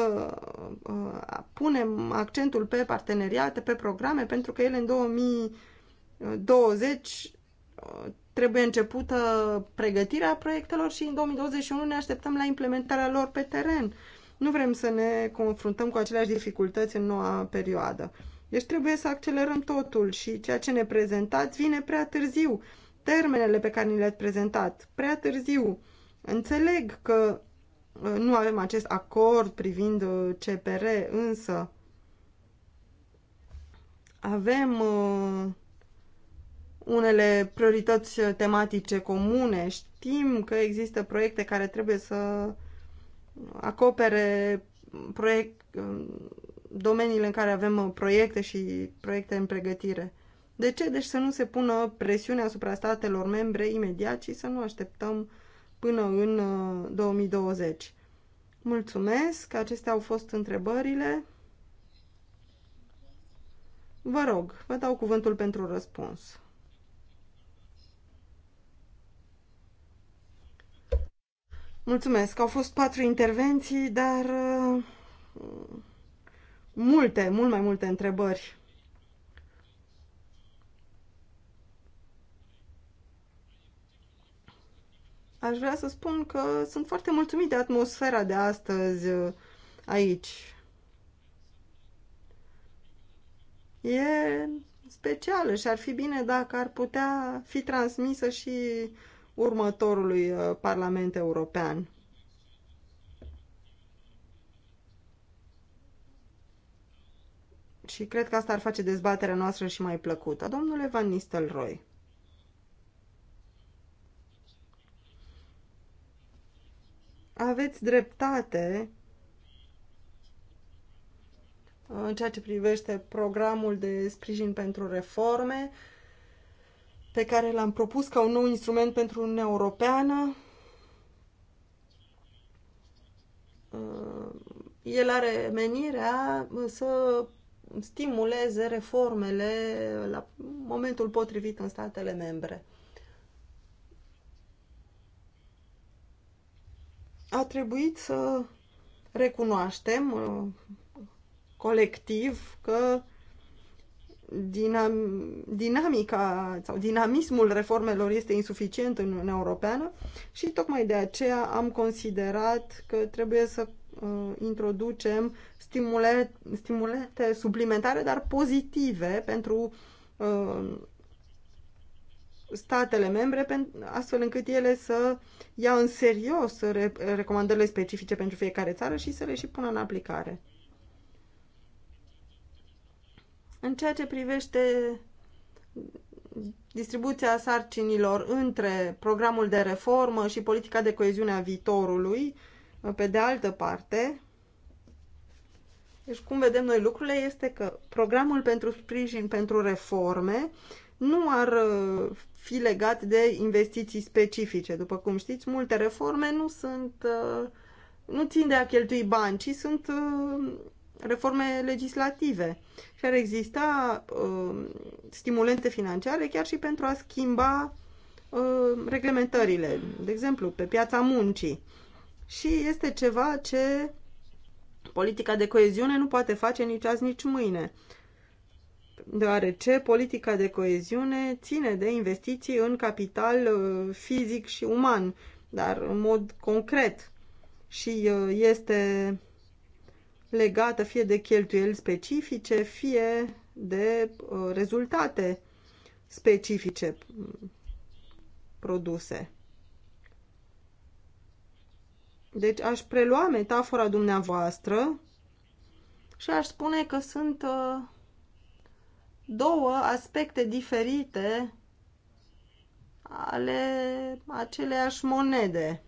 uh, punem accentul pe parteneriate, pe programe, pentru că ele în 2020 uh, trebuie începută pregătirea proiectelor și în 2021 ne așteptăm la implementarea lor pe teren. Nu vrem să ne confruntăm cu aceleași dificultăți în noua perioadă. Deci trebuie să accelerăm totul și ceea ce ne prezentați vine prea târziu. Termenele pe care ni le-ați prezentat, prea târziu. Înțeleg că uh, nu avem acest acord privind uh, CPR, însă avem uh, unele priorități tematice comune, știm că există proiecte care trebuie să acopere proiect, domeniile în care avem uh, proiecte și proiecte în pregătire. De ce? Deci să nu se pună presiune asupra statelor membre imediat și să nu așteptăm până în 2020. Uh, Mulțumesc, acestea au fost întrebările. Vă rog, vă dau cuvântul pentru răspuns. Mulțumesc. Au fost patru intervenții, dar uh, multe, mult mai multe întrebări. Aș vrea să spun că sunt foarte mulțumit de atmosfera de astăzi uh, aici. E specială și ar fi bine dacă ar putea fi transmisă și următorului uh, Parlament European. Și cred că asta ar face dezbaterea noastră și mai plăcută. Domnule Van Nistelrooy. Aveți dreptate uh, în ceea ce privește programul de sprijin pentru reforme pe care l-am propus ca un nou instrument pentru Uniunea Europeană. Uh, el are menirea să stimuleze reformele la momentul potrivit în statele membre. A trebuit să recunoaștem uh, colectiv că dinam, dinamica sau dinamismul reformelor este insuficient în Uniunea Europeană și tocmai de aceea am considerat că trebuie să uh, introducem stimule, stimulente suplimentare, dar pozitive pentru uh, statele membre, astfel încât ele să ia în serios recomandările specifice pentru fiecare țară și să le și pună în aplicare. În ceea ce privește distribuția sarcinilor între programul de reformă și politica de coeziune a viitorului, pe de altă parte, deci cum vedem noi lucrurile este că programul pentru sprijin pentru reforme nu ar uh, fi legat de investiții specifice. După cum știți, multe reforme nu sunt uh, nu țin de a cheltui bani, ci sunt uh, reforme legislative și ar exista uh, stimulente financiare chiar și pentru a schimba uh, reglementările, de exemplu, pe piața muncii. Și este ceva ce politica de coeziune nu poate face nici azi, nici mâine, deoarece politica de coeziune ține de investiții în capital uh, fizic și uman, dar în mod concret și uh, este legată fie de cheltuieli specifice, fie de uh, rezultate specifice produse. Deci aș prelua metafora dumneavoastră și aș spune că sunt uh, două aspecte diferite ale aceleiași monede.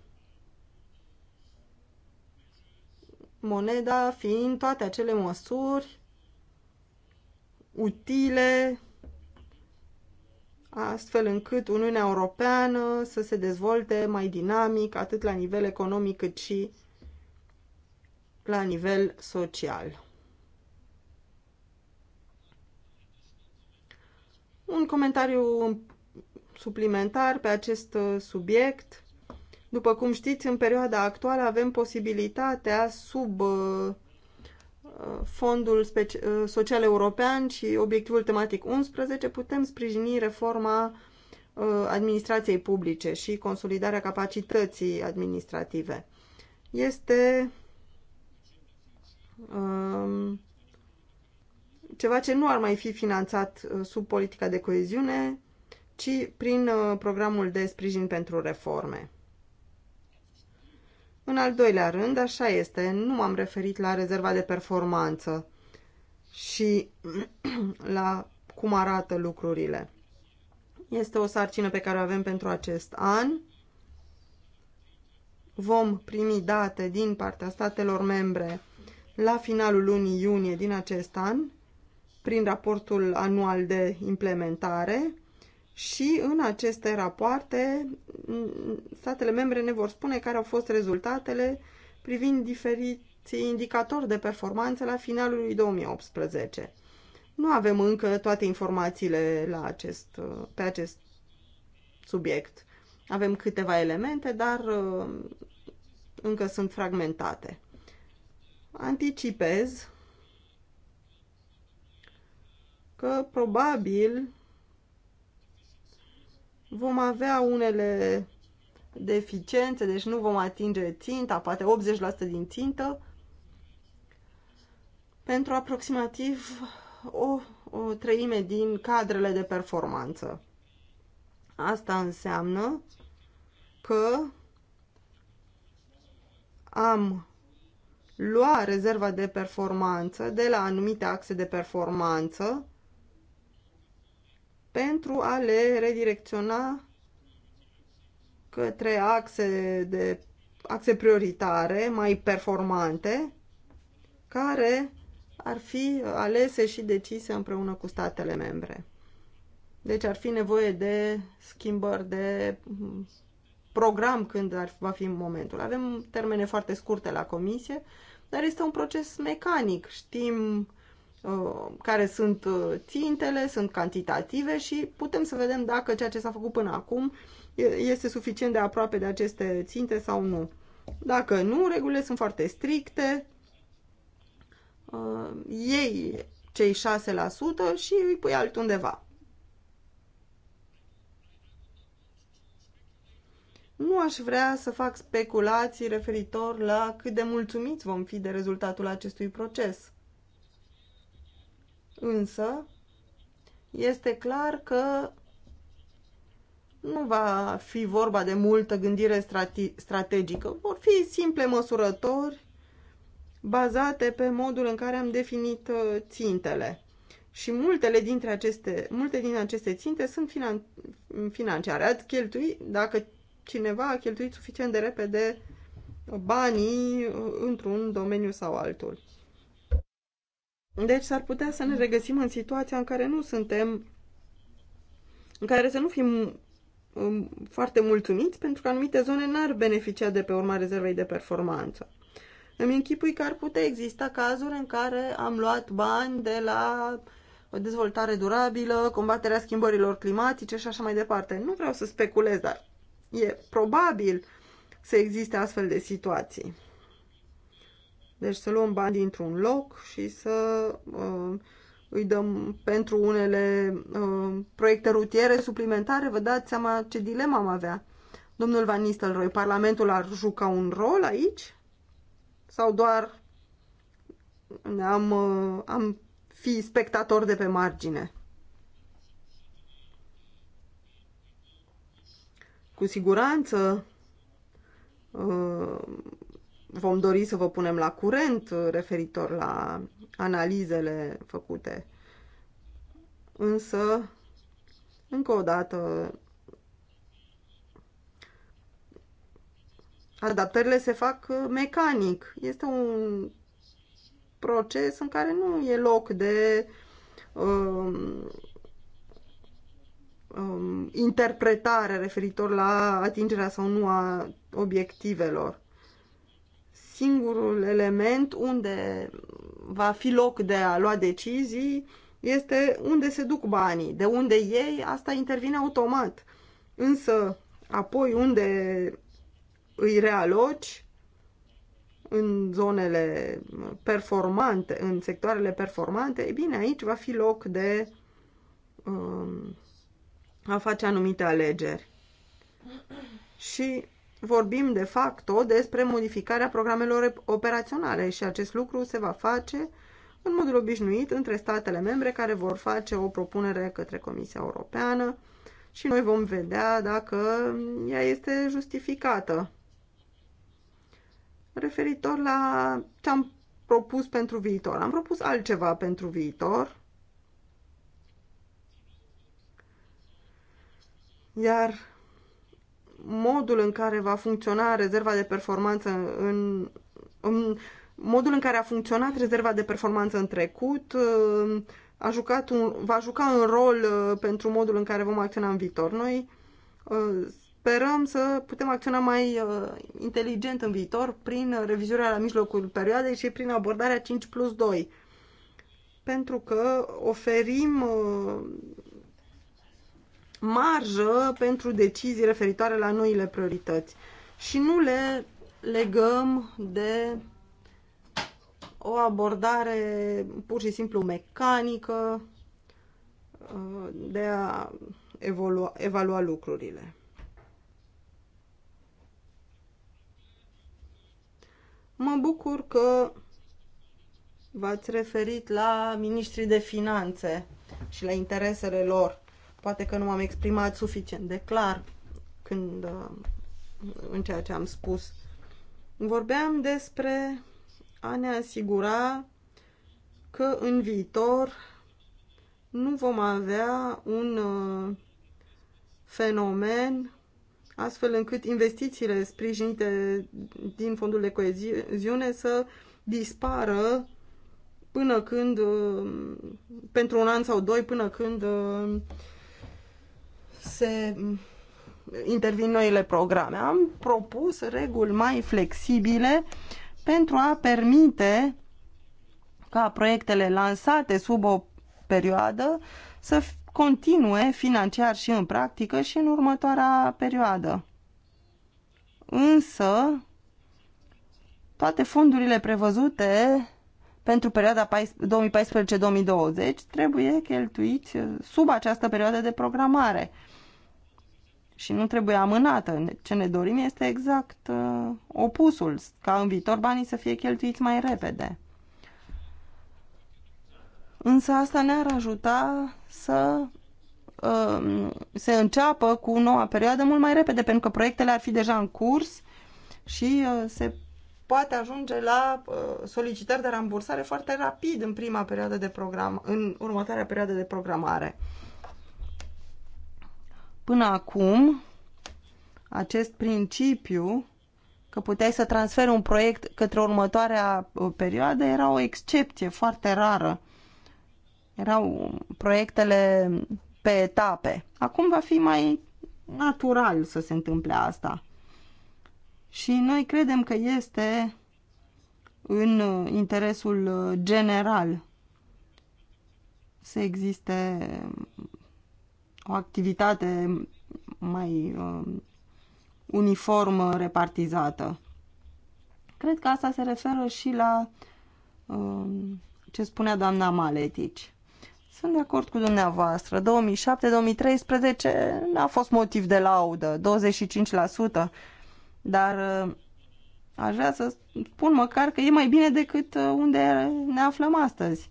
moneda fiind toate acele măsuri utile astfel încât Uniunea Europeană să se dezvolte mai dinamic atât la nivel economic cât și la nivel social. Un comentariu suplimentar pe acest subiect după cum știți, în perioada actuală avem posibilitatea sub uh, Fondul uh, Social European și obiectivul tematic 11 putem sprijini reforma uh, administrației publice și consolidarea capacității administrative. Este um, ceva ce nu ar mai fi finanțat sub politica de coeziune, ci prin programul de sprijin pentru reforme. În al doilea rând, așa este, nu m-am referit la rezerva de performanță și la cum arată lucrurile. Este o sarcină pe care o avem pentru acest an. Vom primi date din partea statelor membre la finalul lunii iunie din acest an, prin raportul anual de implementare, și în aceste rapoarte statele membre ne vor spune care au fost rezultatele privind diferiți indicatori de performanță la finalul lui 2018. Nu avem încă toate informațiile la acest, pe acest subiect. Avem câteva elemente, dar uh, încă sunt fragmentate. Anticipez că probabil vom avea unele deficiențe, deci nu vom atinge ținta, poate 80% din țintă, pentru aproximativ o, o treime din cadrele de performanță. Asta înseamnă că am luat rezerva de performanță de la anumite axe de performanță pentru a le redirecționa către axe, de, axe prioritare mai performante care ar fi alese și decise împreună cu statele membre. Deci ar fi nevoie de schimbări de program când ar, va fi momentul. Avem termene foarte scurte la comisie, dar este un proces mecanic. Știm Uh, care sunt uh, țintele, sunt cantitative și putem să vedem dacă ceea ce s-a făcut până acum este suficient de aproape de aceste ținte sau nu. Dacă nu, regulile sunt foarte stricte, uh, ei cei 6% și îi pui altundeva. Nu aș vrea să fac speculații referitor la cât de mulțumiți vom fi de rezultatul acestui proces. Însă, este clar că nu va fi vorba de multă gândire strate strategică. Vor fi simple măsurători bazate pe modul în care am definit uh, țintele. Și multele dintre aceste, multe din aceste ținte sunt finan, financiare. Ați cheltui, dacă cineva a cheltuit suficient de repede banii uh, într-un domeniu sau altul. Deci s-ar putea să ne mm. regăsim în situația în care nu suntem, în care să nu fim um, foarte mulțumiți pentru că anumite zone n-ar beneficia de pe urma rezervei de performanță. Îmi închipui că ar putea exista cazuri în care am luat bani de la o dezvoltare durabilă, combaterea schimbărilor climatice și așa mai departe. Nu vreau să speculez, dar e probabil să existe astfel de situații. Deci să luăm bani dintr-un loc și să uh, îi dăm pentru unele uh, proiecte rutiere suplimentare, vă dați seama ce dilemă am avea. Domnul Van Nistelrooy, Parlamentul ar juca un rol aici? Sau doar am, uh, am fi spectator de pe margine? Cu siguranță uh, vom dori să vă punem la curent uh, referitor la analizele făcute. Însă, încă o dată, adaptările se fac uh, mecanic. Este un proces în care nu e loc de um, um, interpretare referitor la atingerea sau nu a obiectivelor singurul element unde va fi loc de a lua decizii este unde se duc banii, de unde ei, asta intervine automat. Însă, apoi unde îi realoci în zonele performante, în sectoarele performante, e bine, aici va fi loc de um, a face anumite alegeri. Și vorbim de facto despre modificarea programelor operaționale și acest lucru se va face în modul obișnuit între statele membre care vor face o propunere către Comisia Europeană și noi vom vedea dacă ea este justificată. Referitor la ce am propus pentru viitor, am propus altceva pentru viitor, iar modul în care va funcționa rezerva de performanță în, în modul în care a funcționat rezerva de performanță în trecut uh, a jucat un, va juca un rol uh, pentru modul în care vom acționa în viitor. Noi uh, sperăm să putem acționa mai inteligent în viitor prin revizuirea la mijlocul perioadei și prin abordarea 5 plus 2 pentru că oferim marjă pentru decizii referitoare la noile priorități și nu le legăm de o abordare pur și simplu mecanică de a evolua, evalua lucrurile. Mă bucur că v-ați referit la ministrii de finanțe și la interesele lor. Poate că nu m-am exprimat suficient de clar când, uh, în ceea ce am spus. Vorbeam despre a ne asigura că în viitor nu vom avea un uh, fenomen astfel încât investițiile sprijinite din fondul de coeziune să dispară până când, uh, pentru un an sau doi, până când se mm, intervin noile programe. Am propus reguli mai flexibile pentru a permite ca proiectele lansate sub o perioadă să continue financiar și în practică și în următoarea perioadă. Însă, toate fondurile prevăzute pentru perioada 2014-2020 trebuie cheltuiți eh, sub această perioadă de programare – și nu trebuie amânată. Ce ne dorim este exact uh, opusul, ca în viitor banii să fie cheltuiți mai repede. Însă asta ne-ar ajuta să uh, se înceapă cu noua perioadă mult mai repede, pentru că proiectele ar fi deja în curs și uh, se poate ajunge la uh, solicitări de rambursare foarte rapid în prima perioadă de program, în următoarea perioadă de programare. Uh, Până acum, acest principiu că puteai să transferi un proiect către următoarea uh, perioadă era o excepție foarte rară. Erau proiectele pe etape. Acum va fi mai natural să se întâmple asta. Și noi credem că este în uh, interesul uh, general să existe o activitate mai uh, uniformă, repartizată. Cred că asta se referă și la uh, ce spunea doamna Maletici. Sunt de acord cu dumneavoastră. 2007-2013 n-a fost motiv de laudă, 25%, dar uh, aș vrea să spun măcar că e mai bine decât uh, unde ne aflăm astăzi.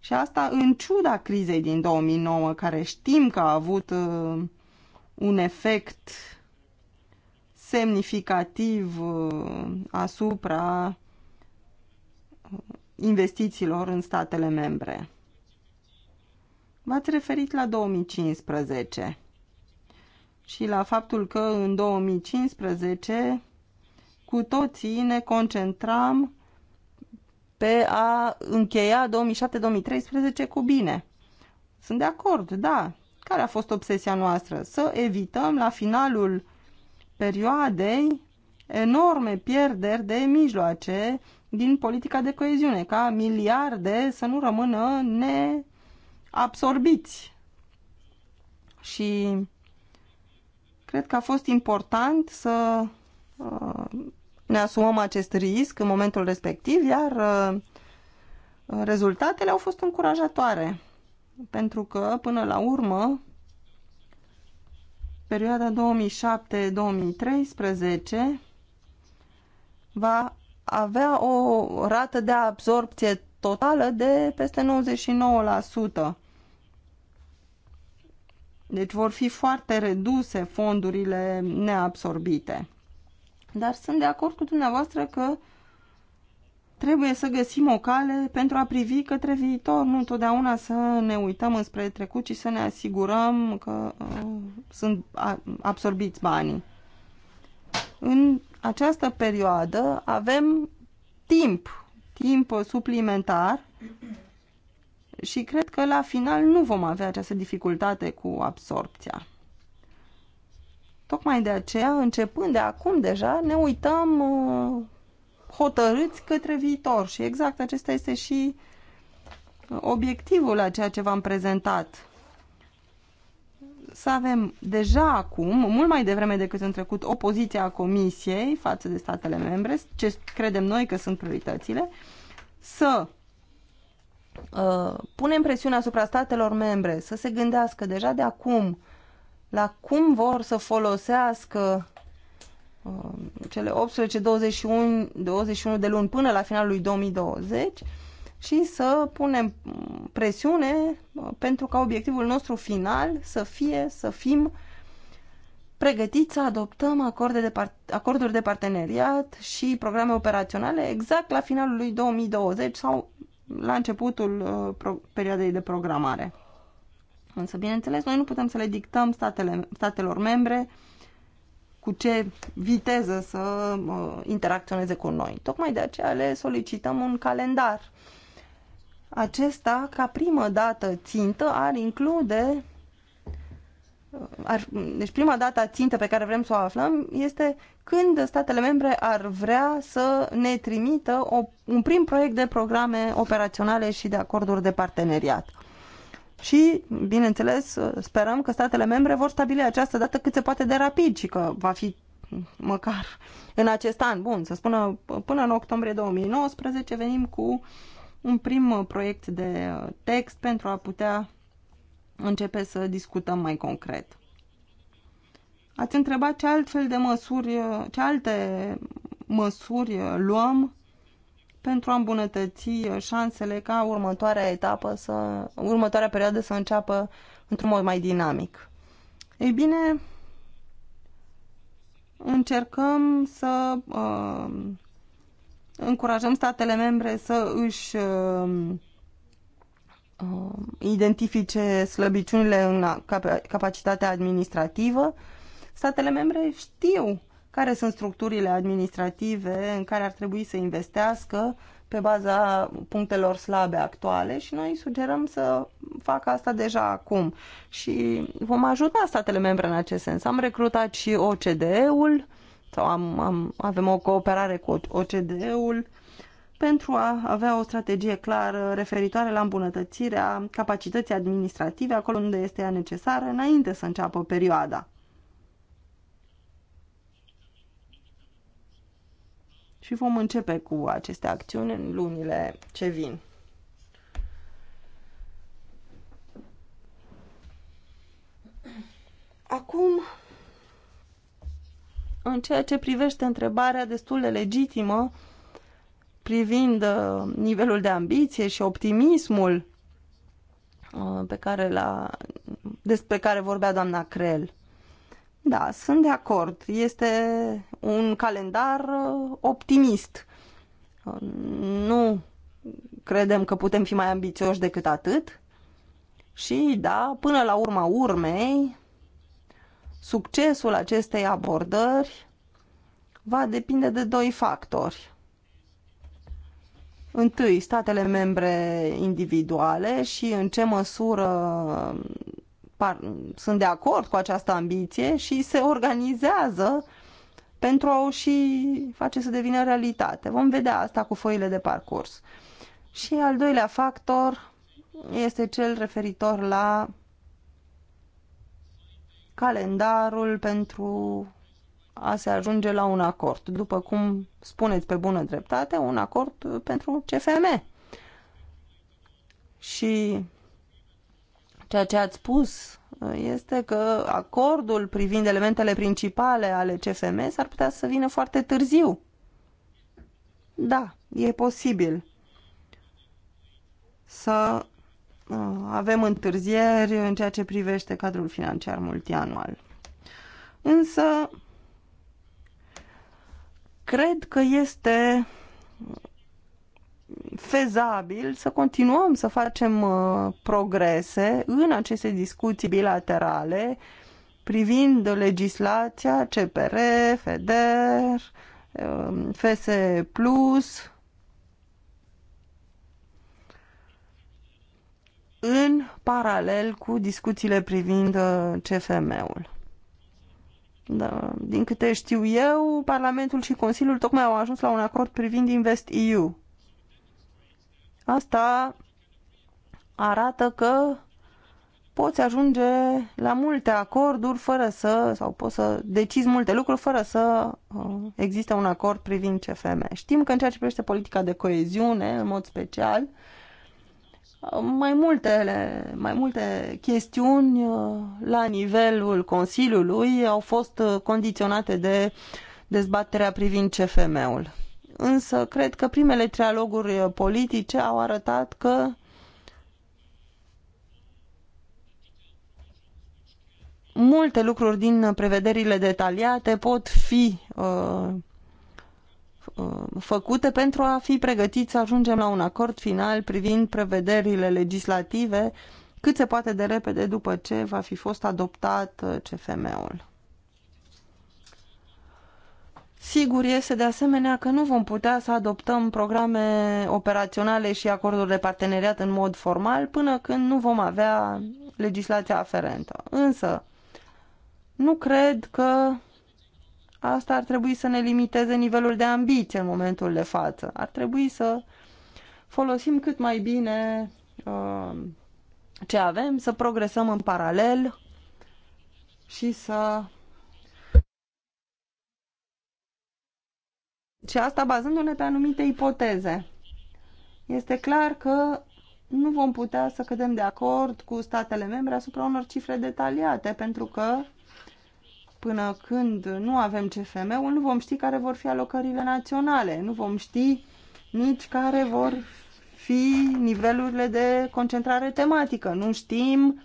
Și asta în ciuda crizei din 2009, care știm că a avut uh, un efect semnificativ uh, asupra uh, investițiilor în statele membre. V-ați referit la 2015 și la faptul că în 2015 cu toții ne concentram pe a încheia 2007-2013 cu bine. Sunt de acord, da. Care a fost obsesia noastră? Să evităm la finalul perioadei enorme pierderi de mijloace din politica de coeziune, ca miliarde să nu rămână neabsorbiți. Și cred că a fost important să uh, ne asumăm acest risc în momentul respectiv, iar uh, rezultatele au fost încurajatoare. Pentru că, până la urmă, perioada 2007-2013 va avea o rată de absorpție totală de peste 99%. Deci vor fi foarte reduse fondurile neabsorbite. Dar sunt de acord cu dumneavoastră că trebuie să găsim o cale pentru a privi către viitor, nu întotdeauna să ne uităm înspre trecut, ci să ne asigurăm că uh, sunt absorbiți banii. În această perioadă avem timp, timp suplimentar și cred că la final nu vom avea această dificultate cu absorpția. Tocmai de aceea, începând de acum deja, ne uităm uh, hotărâți către viitor și exact acesta este și uh, obiectivul la ceea ce v-am prezentat. Să avem deja acum, mult mai devreme decât în trecut, opoziția Comisiei față de statele membre, ce credem noi că sunt prioritățile, să uh, punem presiune asupra statelor membre să se gândească deja de acum la cum vor să folosească um, cele 18-21 21 de luni până la finalul lui 2020 și să punem presiune uh, pentru ca obiectivul nostru final să fie să fim pregătiți să adoptăm acorde de acorduri de parteneriat și programe operaționale exact la finalul lui 2020 sau la începutul uh, perioadei de programare. Însă, bineînțeles, noi nu putem să le dictăm statele, statelor membre cu ce viteză să uh, interacționeze cu noi. Tocmai de aceea le solicităm un calendar. Acesta, ca primă dată țintă, ar include ar, deci prima dată țintă pe care vrem să o aflăm este când statele membre ar vrea să ne trimită o, un prim proiect de programe operaționale și de acorduri de parteneriat. Și, bineînțeles, sperăm că statele membre vor stabili această dată cât se poate de rapid și că va fi măcar în acest an, bun, să spună până în octombrie 2019 venim cu un prim proiect de text pentru a putea începe să discutăm mai concret. Ați întrebat ce altfel de măsuri, ce alte măsuri luăm pentru a îmbunătăți șansele ca următoarea etapă să, următoarea perioadă să înceapă într-un mod mai dinamic. Ei bine, încercăm să uh, încurajăm statele membre să își uh, uh, identifice slăbiciunile în capacitatea administrativă. Statele membre știu care sunt structurile administrative în care ar trebui să investească pe baza punctelor slabe actuale și noi sugerăm să facă asta deja acum. Și vom ajuta statele membre în acest sens. Am recrutat și OCDE-ul sau am, am, avem o cooperare cu OCDE-ul pentru a avea o strategie clară referitoare la îmbunătățirea capacității administrative acolo unde este ea necesară înainte să înceapă perioada. și vom începe cu aceste acțiuni în lunile ce vin. Acum, în ceea ce privește întrebarea destul de legitimă privind uh, nivelul de ambiție și optimismul uh, pe care la, despre care vorbea doamna Crel. Da, sunt de acord. Este un calendar uh, optimist. Uh, nu credem că putem fi mai ambițioși decât atât. Și da, până la urma urmei, succesul acestei abordări va depinde de doi factori. Întâi, statele membre individuale și în ce măsură sunt de acord cu această ambiție și se organizează pentru a o și face să devină realitate. Vom vedea asta cu foile de parcurs. Și al doilea factor este cel referitor la calendarul pentru a se ajunge la un acord. După cum spuneți pe bună dreptate, un acord pentru CFM. Și Ceea ce ați spus uh, este că acordul privind elementele principale ale CFM s-ar putea să vină foarte târziu. Da, e posibil să uh, avem întârzieri în ceea ce privește cadrul financiar multianual. Însă, cred că este fezabil să continuăm să facem uh, progrese în aceste discuții bilaterale privind legislația CPR, FEDER, uh, um, FSE+, în paralel cu discuțiile privind uh, CFM-ul. Da. Din câte știu eu, Parlamentul și Consiliul tocmai au ajuns la un acord privind InvestEU. Asta arată că poți ajunge la multe acorduri fără să, sau poți să decizi multe lucruri fără să uh, existe un acord privind CFM. Știm că în ceea ce privește politica de coeziune, în mod special, uh, mai multe, mai multe chestiuni uh, la nivelul Consiliului au fost condiționate de dezbaterea privind CFM-ul însă cred că primele trialoguri uh, politice au arătat că multe lucruri din prevederile detaliate pot fi uh, uh, făcute pentru a fi pregătiți să ajungem la un acord final privind prevederile legislative cât se poate de repede după ce va fi fost adoptat CFM-ul. Sigur este de asemenea că nu vom putea să adoptăm programe operaționale și acorduri de parteneriat în mod formal până când nu vom avea legislația aferentă. Însă, nu cred că asta ar trebui să ne limiteze nivelul de ambiție în momentul de față. Ar trebui să folosim cât mai bine uh, ce avem, să progresăm în paralel și să Și asta bazându-ne pe anumite ipoteze. Este clar că nu vom putea să cădem de acord cu statele membre asupra unor cifre detaliate, pentru că până când nu avem CFM-ul, nu vom ști care vor fi alocările naționale, nu vom ști nici care vor fi nivelurile de concentrare tematică. Nu știm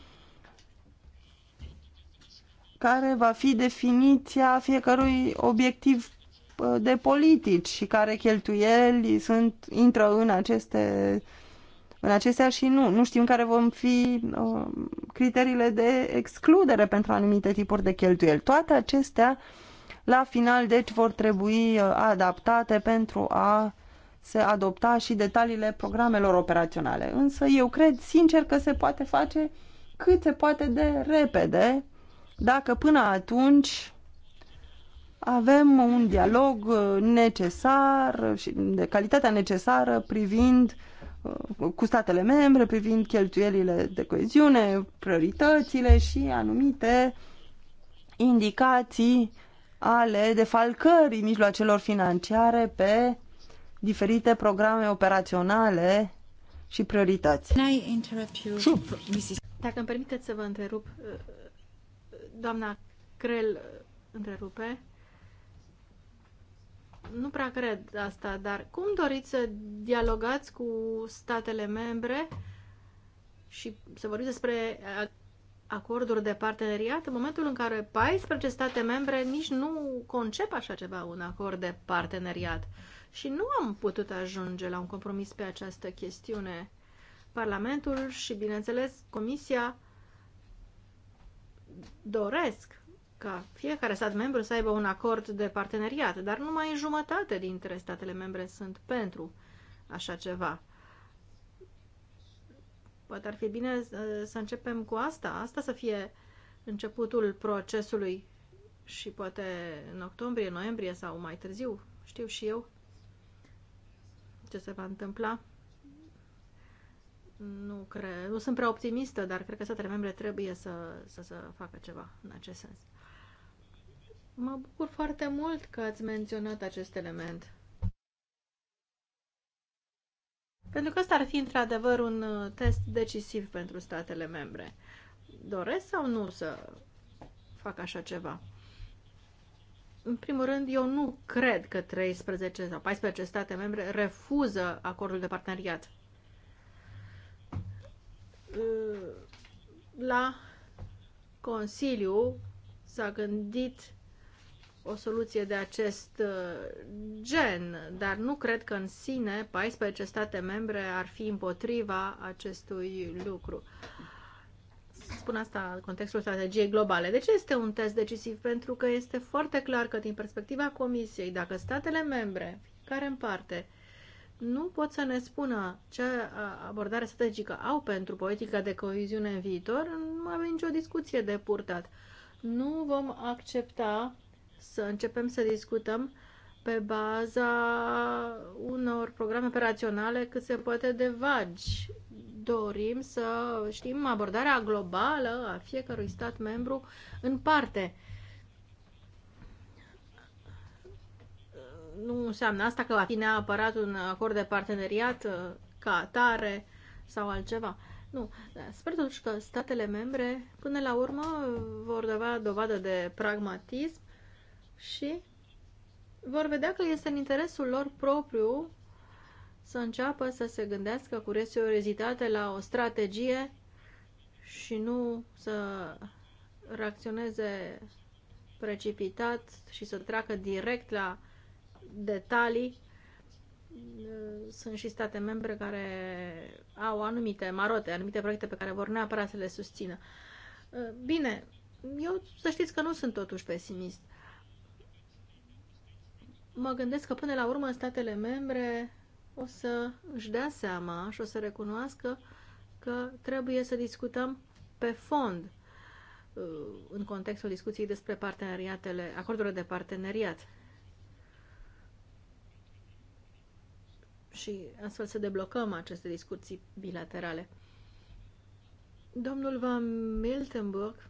care va fi definiția fiecărui obiectiv Uh, de politici și care cheltuieli sunt, intră în aceste în acestea și nu. Nu știm care vom fi uh, criteriile de excludere pentru anumite tipuri de cheltuieli. Toate acestea, la final, deci, vor trebui uh, adaptate pentru a se adopta și detaliile programelor operaționale. Însă eu cred, sincer, că se poate face cât se poate de repede, dacă până atunci avem un dialog uh, necesar și de calitatea necesară privind uh, cu statele membre, privind cheltuielile de coeziune, prioritățile și anumite indicații ale defalcării mijloacelor financiare pe diferite programe operaționale și priorități. Dacă îmi permiteți să vă întrerup, uh, doamna Crel întrerupe nu prea cred asta, dar cum doriți să dialogați cu statele membre și să vorbiți despre acorduri de parteneriat în momentul în care 14 state membre nici nu concep așa ceva, un acord de parteneriat. Și nu am putut ajunge la un compromis pe această chestiune. Parlamentul și, bineînțeles, Comisia doresc ca fiecare stat membru să aibă un acord de parteneriat, dar numai jumătate dintre statele membre sunt pentru așa ceva. Poate ar fi bine uh, să începem cu asta, asta să fie începutul procesului și poate în octombrie, noiembrie sau mai târziu, știu și eu ce se va întâmpla. Nu, cred, nu sunt prea optimistă, dar cred că statele membre trebuie să, să, să facă ceva în acest sens. Mă bucur foarte mult că ați menționat acest element. Pentru că ăsta ar fi într-adevăr un uh, test decisiv pentru statele membre. Doresc sau nu să fac așa ceva? În primul rând, eu nu cred că 13 sau 14 state membre refuză acordul de parteneriat. Uh, la Consiliu s-a gândit o soluție de acest uh, gen, dar nu cred că în sine 14 state membre ar fi împotriva acestui lucru. Spun asta în contextul strategiei globale. De ce este un test decisiv? Pentru că este foarte clar că din perspectiva Comisiei, dacă statele membre, care în parte, nu pot să ne spună ce uh, abordare strategică au pentru politica de coeziune în viitor, nu avem nicio discuție de purtat. Nu vom accepta să începem să discutăm pe baza unor programe operaționale cât se poate de vagi. Dorim să știm abordarea globală a fiecărui stat membru în parte. Nu înseamnă asta că va fi neapărat un acord de parteneriat uh, ca atare sau altceva. Nu. Sper totuși că statele membre, până la urmă, vor da dovadă de pragmatism și vor vedea că este în interesul lor propriu să înceapă să se gândească cu seriozitate la o strategie și nu să reacționeze precipitat și să treacă direct la detalii. Sunt și state membre care au anumite marote, anumite proiecte pe care vor neapărat să le susțină. Bine, eu să știți că nu sunt totuși pesimist mă gândesc că până la urmă statele membre o să își dea seama și o să recunoască că trebuie să discutăm pe fond uh, în contextul discuției despre parteneriatele, acordurile de parteneriat. Și astfel să deblocăm aceste discuții bilaterale. Domnul Van Miltenburg,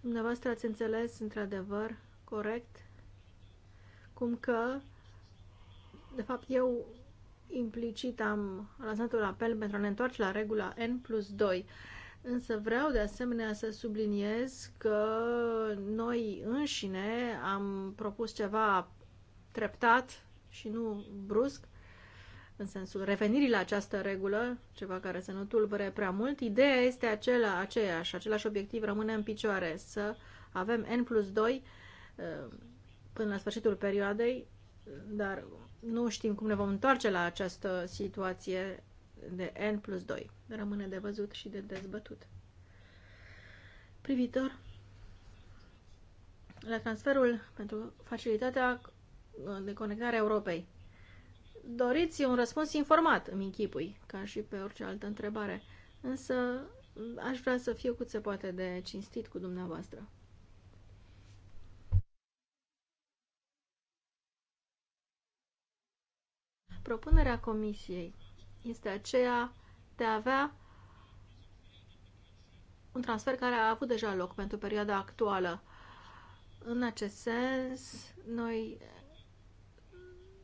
dumneavoastră ați înțeles într-adevăr corect cum că, de fapt, eu implicit am lansat un apel pentru a ne întoarce la regula N plus 2. Însă vreau de asemenea să subliniez că noi înșine am propus ceva treptat și nu brusc, în sensul revenirii la această regulă, ceva care să nu tulbere prea mult. Ideea este acela, aceeași, același obiectiv rămâne în picioare, să avem N plus 2 până la sfârșitul perioadei, dar nu știm cum ne vom întoarce la această situație de N plus 2. Rămâne de văzut și de dezbătut. Privitor la transferul pentru facilitatea de conectare a Europei. Doriți un răspuns informat, îmi închipui, ca și pe orice altă întrebare, însă aș vrea să fiu cât se poate de cinstit cu dumneavoastră. Propunerea Comisiei este aceea de a avea un transfer care a avut deja loc pentru perioada actuală. În acest sens, noi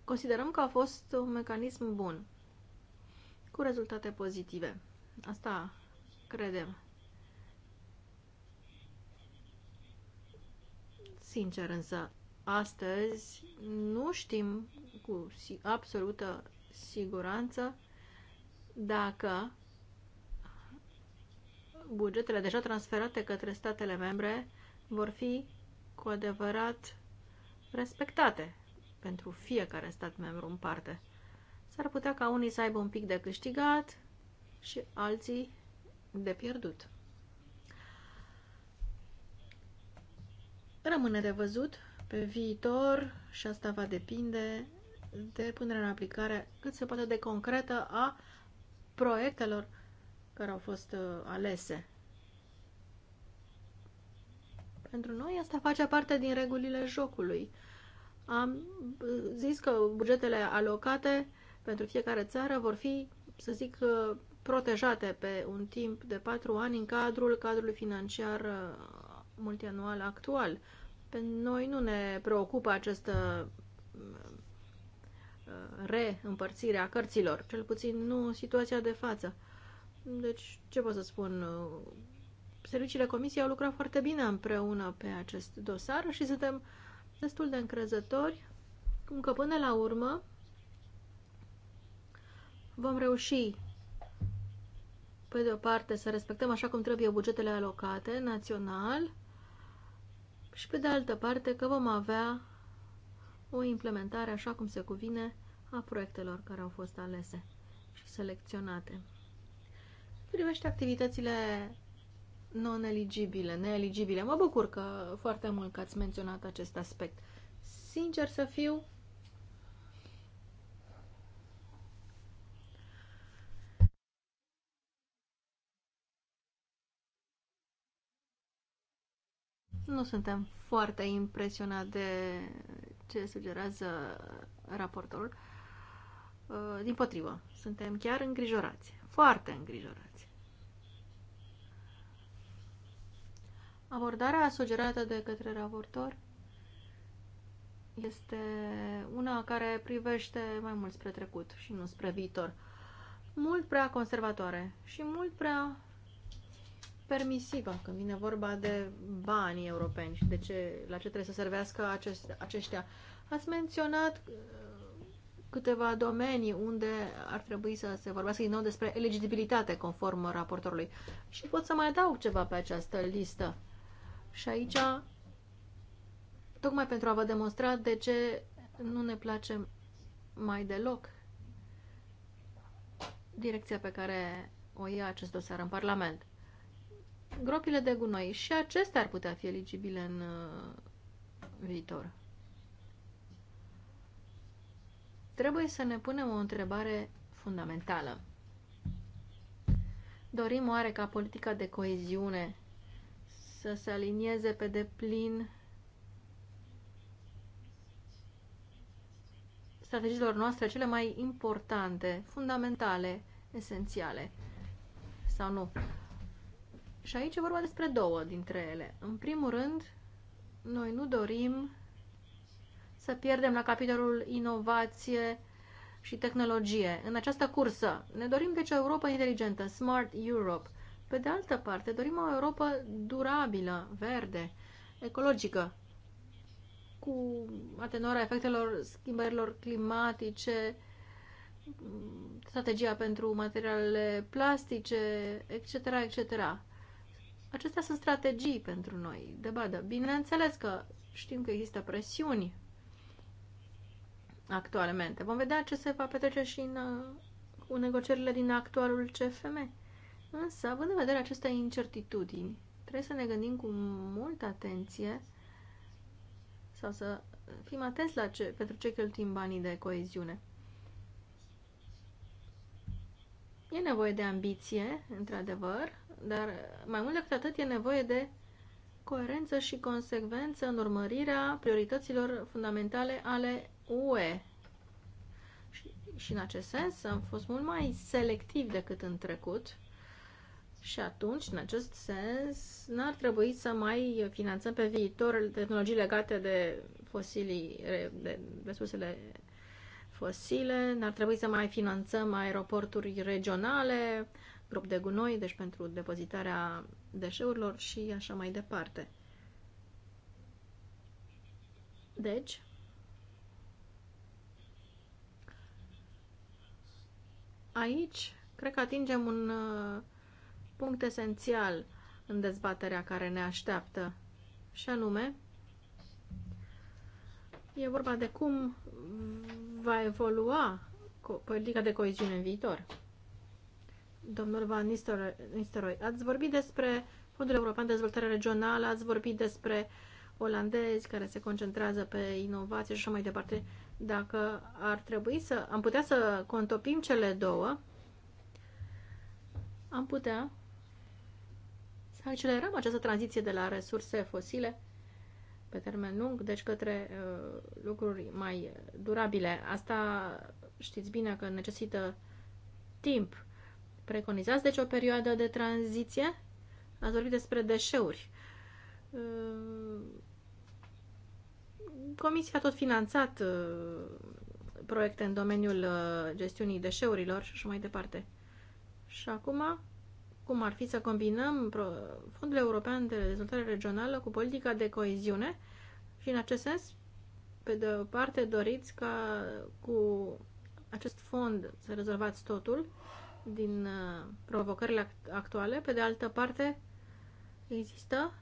considerăm că a fost un mecanism bun, cu rezultate pozitive. Asta credem. Sincer însă, astăzi nu știm cu absolută siguranță dacă bugetele deja transferate către statele membre vor fi cu adevărat respectate pentru fiecare stat membru în parte. S-ar putea ca unii să aibă un pic de câștigat și alții de pierdut. Rămâne de văzut pe viitor și asta va depinde de punerea în aplicare cât se poate de concretă a proiectelor care au fost uh, alese. Pentru noi asta face parte din regulile jocului. Am uh, zis că bugetele alocate pentru fiecare țară vor fi, să zic, uh, protejate pe un timp de patru ani în cadrul cadrului financiar multianual actual. Pe noi nu ne preocupă această uh, reîmpărțire a cărților, cel puțin nu situația de față. Deci, ce pot să spun? Serviciile Comisiei au lucrat foarte bine împreună pe acest dosar și suntem destul de încrezători cum că până la urmă vom reuși pe de o parte să respectăm așa cum trebuie bugetele alocate național și pe de altă parte că vom avea o implementare așa cum se cuvine a proiectelor care au fost alese și selecționate. Privește activitățile non-eligibile, neeligibile. Mă bucur că foarte mult că ați menționat acest aspect. Sincer să fiu, Nu suntem foarte impresionat de ce sugerează raportorul. Uh, din potrivă, suntem chiar îngrijorați, foarte îngrijorați. Abordarea sugerată de către raportor este una care privește mai mult spre trecut și nu spre viitor. Mult prea conservatoare și mult prea permisivă când vine vorba de banii europeni și de ce, la ce trebuie să servească acest, aceștia. Ați menționat uh, câteva domenii unde ar trebui să se vorbească din nou despre eligibilitate conform raportorului. Și pot să mai adaug ceva pe această listă. Și aici, tocmai pentru a vă demonstra de ce nu ne place mai deloc direcția pe care o ia acest dosar în Parlament gropile de gunoi și acestea ar putea fi eligibile în uh, viitor. Trebuie să ne punem o întrebare fundamentală. Dorim oare ca politica de coeziune să se alinieze pe deplin strategiilor noastre cele mai importante, fundamentale, esențiale sau nu? Și aici e vorba despre două dintre ele. În primul rând, noi nu dorim să pierdem la capitolul inovație și tehnologie în această cursă. Ne dorim deci o Europa inteligentă, Smart Europe. Pe de altă parte, dorim o Europa durabilă, verde, ecologică, cu atenuarea efectelor schimbărilor climatice, strategia pentru materialele plastice, etc., etc. Acestea sunt strategii pentru noi de badă. Bineînțeles că știm că există presiuni actualmente. Vom vedea ce se va petrece și în, uh, cu negocierile din actualul CFM. Însă, având în vedere aceste incertitudini, trebuie să ne gândim cu multă atenție sau să fim atenți la ce, pentru ce cheltuim banii de coeziune. E nevoie de ambiție, într-adevăr, dar mai mult decât atât e nevoie de coerență și consecvență în urmărirea priorităților fundamentale ale UE. Și, și în acest sens am fost mult mai selectiv decât în trecut și atunci, în acest sens, n-ar trebui să mai finanțăm pe viitor tehnologii legate de fosilii, de resursele fosile, n-ar trebui să mai finanțăm aeroporturi regionale, prop de gunoi, deci pentru depozitarea deșeurilor și așa mai departe. Deci, aici cred că atingem un uh, punct esențial în dezbaterea care ne așteaptă și anume e vorba de cum va evolua politica de coeziune în viitor domnul Van Nistelrooy. Ați vorbit despre Fondul European de Dezvoltare Regională, ați vorbit despre olandezi care se concentrează pe inovație și așa mai departe. Dacă ar trebui să... am putea să contopim cele două, am putea să accelerăm această tranziție de la resurse fosile pe termen lung, deci către uh, lucruri mai durabile. Asta știți bine că necesită timp preconizați, deci o perioadă de tranziție. Ați vorbit despre deșeuri. Comisia a tot finanțat uh, proiecte în domeniul uh, gestiunii deșeurilor și așa mai departe. Și acum, cum ar fi să combinăm Fondul European de Dezvoltare Regională cu politica de coeziune și, în acest sens, pe de o parte, doriți ca cu acest fond să rezolvați totul din uh, provocările actuale. Pe de altă parte, există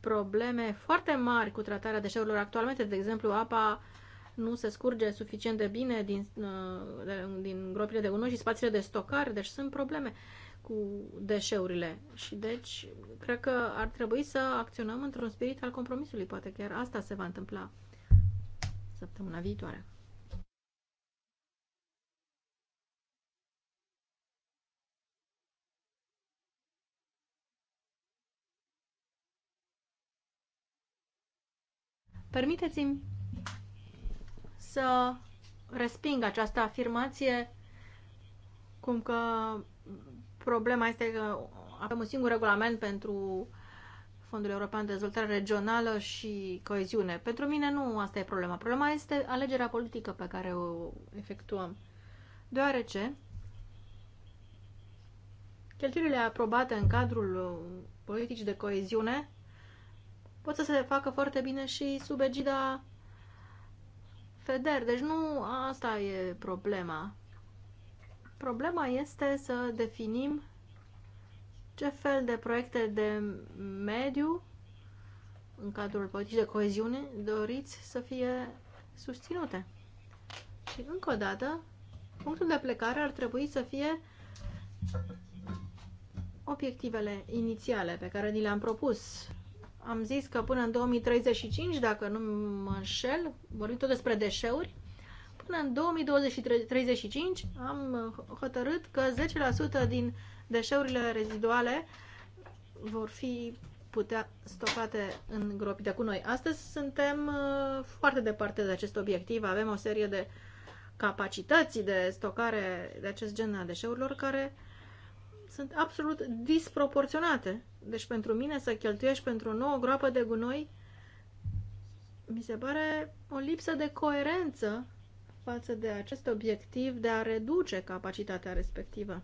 probleme foarte mari cu tratarea deșeurilor actualmente. De exemplu, apa nu se scurge suficient de bine din, uh, din gropile de gunoi și spațiile de stocare, deci sunt probleme cu deșeurile. Și deci, cred că ar trebui să acționăm într-un spirit al compromisului. Poate chiar asta se va întâmpla săptămâna viitoare. Permiteți-mi să resping această afirmație cum că problema este că avem un singur regulament pentru Fondul European de Dezvoltare Regională și Coeziune. Pentru mine nu asta e problema. Problema este alegerea politică pe care o efectuăm. Deoarece cheltuielile aprobate în cadrul politicii de coeziune pot să se facă foarte bine și sub egida FEDER. Deci nu asta e problema. Problema este să definim ce fel de proiecte de mediu în cadrul politicii de coeziune doriți să fie susținute. Și încă o dată, punctul de plecare ar trebui să fie obiectivele inițiale pe care ni le-am propus am zis că până în 2035, dacă nu mă înșel, vorbim tot despre deșeuri, până în 2035 am hotărât că 10% din deșeurile reziduale vor fi putea stocate în gropi de cu noi. Astăzi suntem uh, foarte departe de acest obiectiv. Avem o serie de capacități de stocare de acest gen a deșeurilor care uh, sunt absolut disproporționate. Deci pentru mine să cheltuiești pentru o nouă groapă de gunoi mi se pare o lipsă de coerență față de acest obiectiv de a reduce capacitatea respectivă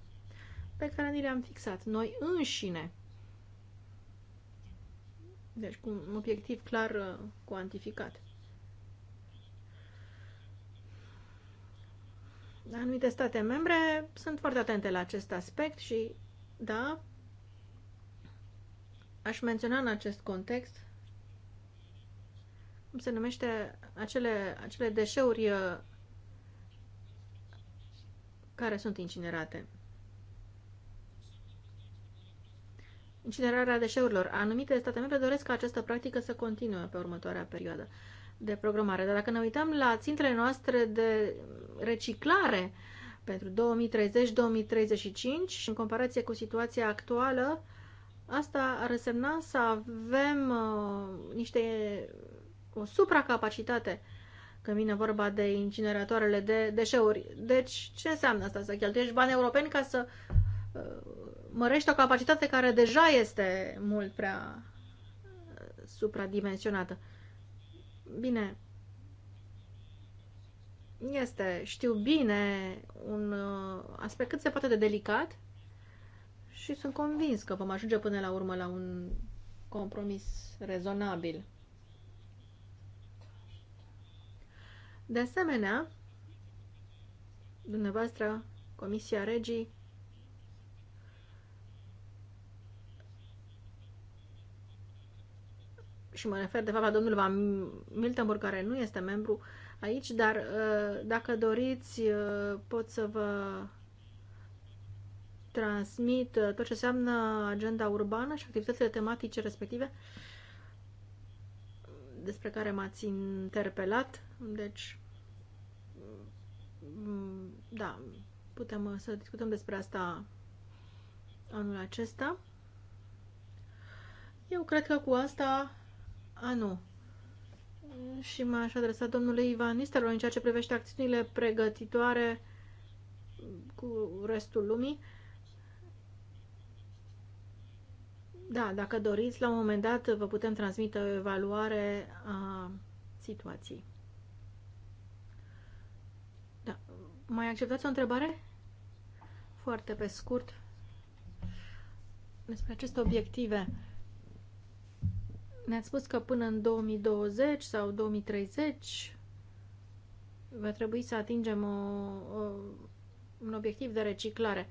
pe care ni le-am fixat noi înșine. Deci cu un obiectiv clar uh, cuantificat. Anumite state membre sunt foarte atente la acest aspect și da, aș menționa în acest context cum se numește acele, acele deșeuri uh, care sunt incinerate. Incinerarea deșeurilor. Anumite state membre doresc ca această practică să continue pe următoarea perioadă de programare. Dar dacă ne uităm la țintele noastre de reciclare, uh, pentru 2030-2035 și în comparație cu situația actuală, asta ar însemna să avem uh, niște o supracapacitate când vine vorba de incineratoarele de deșeuri. Deci, ce înseamnă asta? Să cheltuiești bani europeni ca să uh, mărești o capacitate care deja este mult prea uh, supradimensionată. Bine, este, știu bine, un uh, aspect cât se poate de delicat și sunt convins că vom ajunge până la urmă la un compromis rezonabil. De asemenea, dumneavoastră, Comisia Regii, și mă refer de fapt la domnul Van Miltenburg, care nu este membru, uh, aici, dar uh, dacă doriți uh, pot să vă transmit uh, tot ce înseamnă agenda urbană și activitățile tematice respective despre care m-ați interpelat. Deci, mm, da, putem să discutăm despre asta anul acesta. Eu cred că cu asta... A, nu și m-aș adresa domnului Ivan Nistelor în ceea ce privește acțiunile pregătitoare cu restul lumii. Da, dacă doriți, la un moment dat vă putem transmite o evaluare a situației. Da. Mai acceptați o întrebare? Foarte pe scurt. Despre aceste obiective ne-ați spus că până în 2020 sau 2030 va trebui să atingem o, o, un obiectiv de reciclare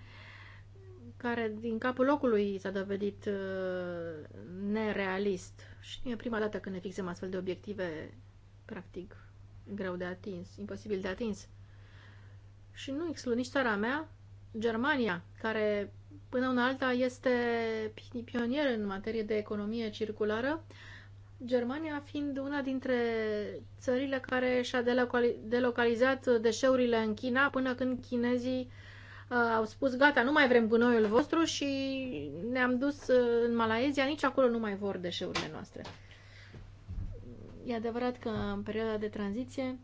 care din capul locului s-a dovedit uh, nerealist și e prima dată când ne fixăm astfel de obiective practic greu de atins, imposibil de atins. Și nu exclu nici țara mea, Germania, care până una alta este pionier în materie de economie circulară, Germania fiind una dintre țările care și-a delocalizat deșeurile în China până când chinezii uh, au spus gata, nu mai vrem gunoiul vostru și ne-am dus uh, în Malaezia, nici acolo nu mai vor deșeurile noastre. E adevărat că în perioada de tranziție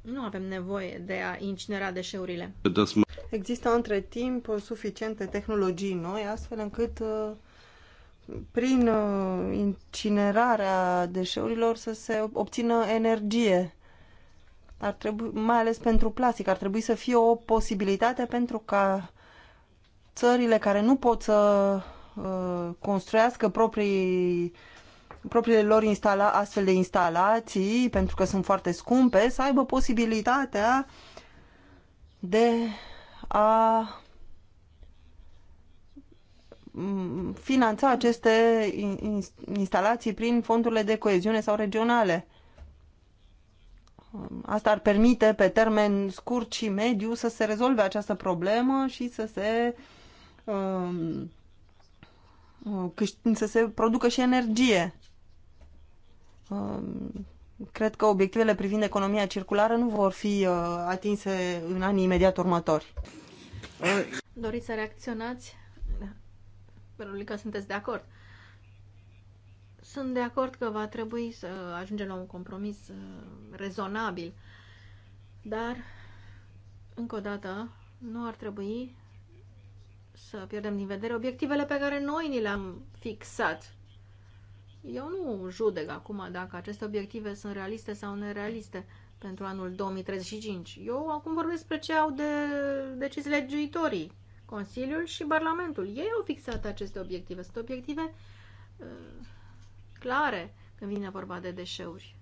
nu avem nevoie de a incinera deșeurile există între timp suficiente tehnologii noi, astfel încât uh, prin uh, incinerarea deșeurilor să se obțină energie. Ar trebui, mai ales pentru plastic, ar trebui să fie o posibilitate pentru ca țările care nu pot să uh, construiască proprii propriile lor instala, astfel de instalații, pentru că sunt foarte scumpe, să aibă posibilitatea de a mm, finanța aceste instalații prin fondurile de coeziune sau regionale. Asta ar permite pe termen scurt și mediu să se rezolve această problemă și să se um, uh, să se producă și energie. Um, cred că obiectivele privind economia circulară nu vor fi uh, atinse în anii imediat următori. Doriți să reacționați? Pentru că sunteți de acord. Sunt de acord că va trebui să ajungem la un compromis uh, rezonabil, dar, încă o dată, nu ar trebui să pierdem din vedere obiectivele pe care noi ni le-am fixat eu nu judec acum dacă aceste obiective sunt realiste sau nerealiste pentru anul 2035. Eu acum vorbesc despre ce au de decis legiuitorii, Consiliul și Parlamentul. Ei au fixat aceste obiective. Sunt obiective uh, clare când vine vorba de deșeuri.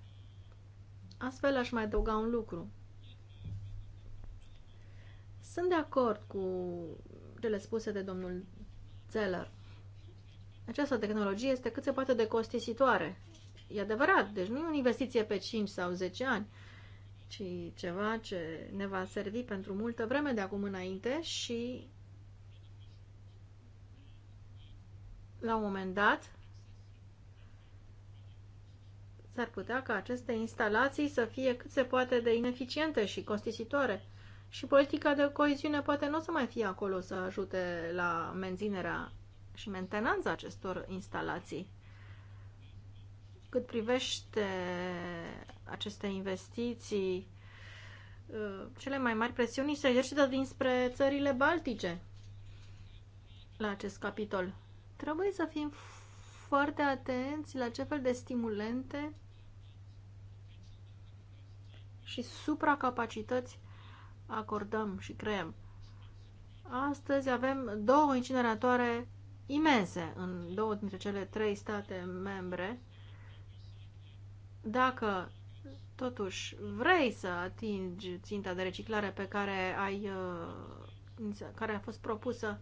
Astfel aș mai adăuga un lucru. Sunt de acord cu cele spuse de domnul Zeller această tehnologie este cât se poate de costisitoare. E adevărat, deci nu e o investiție pe 5 sau 10 ani, ci ceva ce ne va servi pentru multă vreme de acum înainte și la un moment dat s-ar putea ca aceste instalații să fie cât se poate de ineficiente și costisitoare. Și politica de coeziune poate nu o să mai fie acolo să ajute la menținerea și mentenanța acestor instalații. Cât privește aceste investiții, uh, cele mai mari presiuni se exercită dinspre țările baltice la acest capitol. Trebuie să fim foarte atenți la ce fel de stimulente și supracapacități acordăm și creăm. Astăzi avem două incineratoare imense în două dintre cele trei state membre. Dacă totuși vrei să atingi ținta de reciclare pe care, ai, uh, care a fost propusă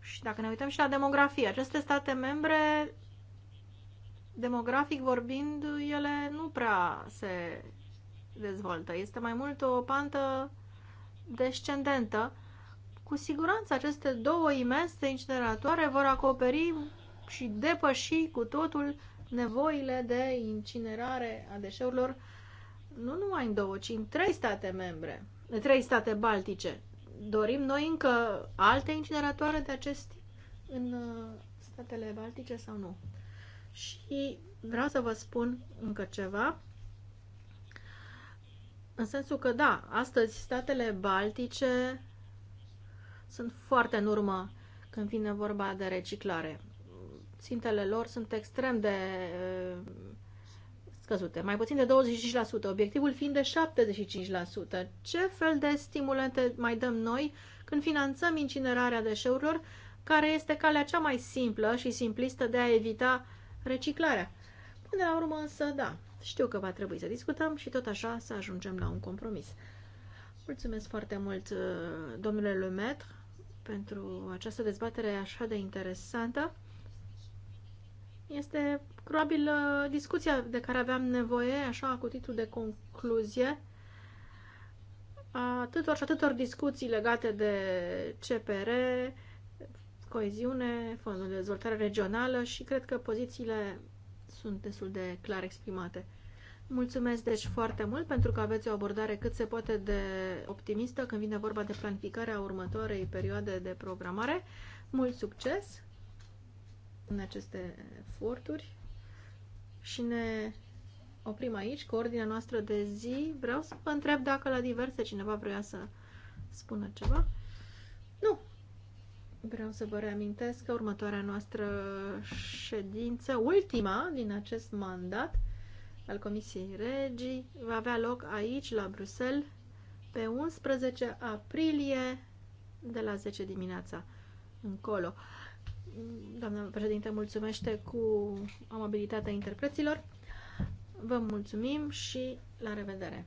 și dacă ne uităm și la demografie, aceste state membre, demografic vorbind, ele nu prea se dezvoltă. Este mai mult o pantă descendentă cu siguranță aceste două imense incineratoare vor acoperi și depăși cu totul nevoile de incinerare a deșeurilor nu numai în două, ci în trei state membre, trei state baltice. Dorim noi încă alte incineratoare de acest tip în uh, statele baltice sau nu? Și vreau să vă spun încă ceva, în sensul că da, astăzi statele baltice sunt foarte în urmă când vine vorba de reciclare. Țintele lor sunt extrem de eh, scăzute, mai puțin de 25%, obiectivul fiind de 75%. Ce fel de stimulente mai dăm noi când finanțăm incinerarea deșeurilor, care este calea cea mai simplă și simplistă de a evita reciclarea? Până la urmă însă, da, știu că va trebui să discutăm și tot așa să ajungem la un compromis. Mulțumesc foarte mult, eh, domnule Lemaitre pentru această dezbatere așa de interesantă. Este probabil uh, discuția de care aveam nevoie, așa cu titlul de concluzie, atâtor și atâtor discuții legate de CPR, coeziune, fondul de dezvoltare regională și cred că pozițiile sunt destul de clar exprimate. Mulțumesc deci foarte mult pentru că aveți o abordare cât se poate de optimistă când vine vorba de planificarea următoarei perioade de programare. Mult succes în aceste eforturi și ne oprim aici cu ordinea noastră de zi. Vreau să vă întreb dacă la diverse cineva vrea să spună ceva. Nu. Vreau să vă reamintesc că următoarea noastră ședință, ultima din acest mandat, al Comisiei Regii va avea loc aici, la Bruxelles, pe 11 aprilie, de la 10 dimineața încolo. Doamna președinte, mulțumește cu amabilitatea interpreților. Vă mulțumim și la revedere!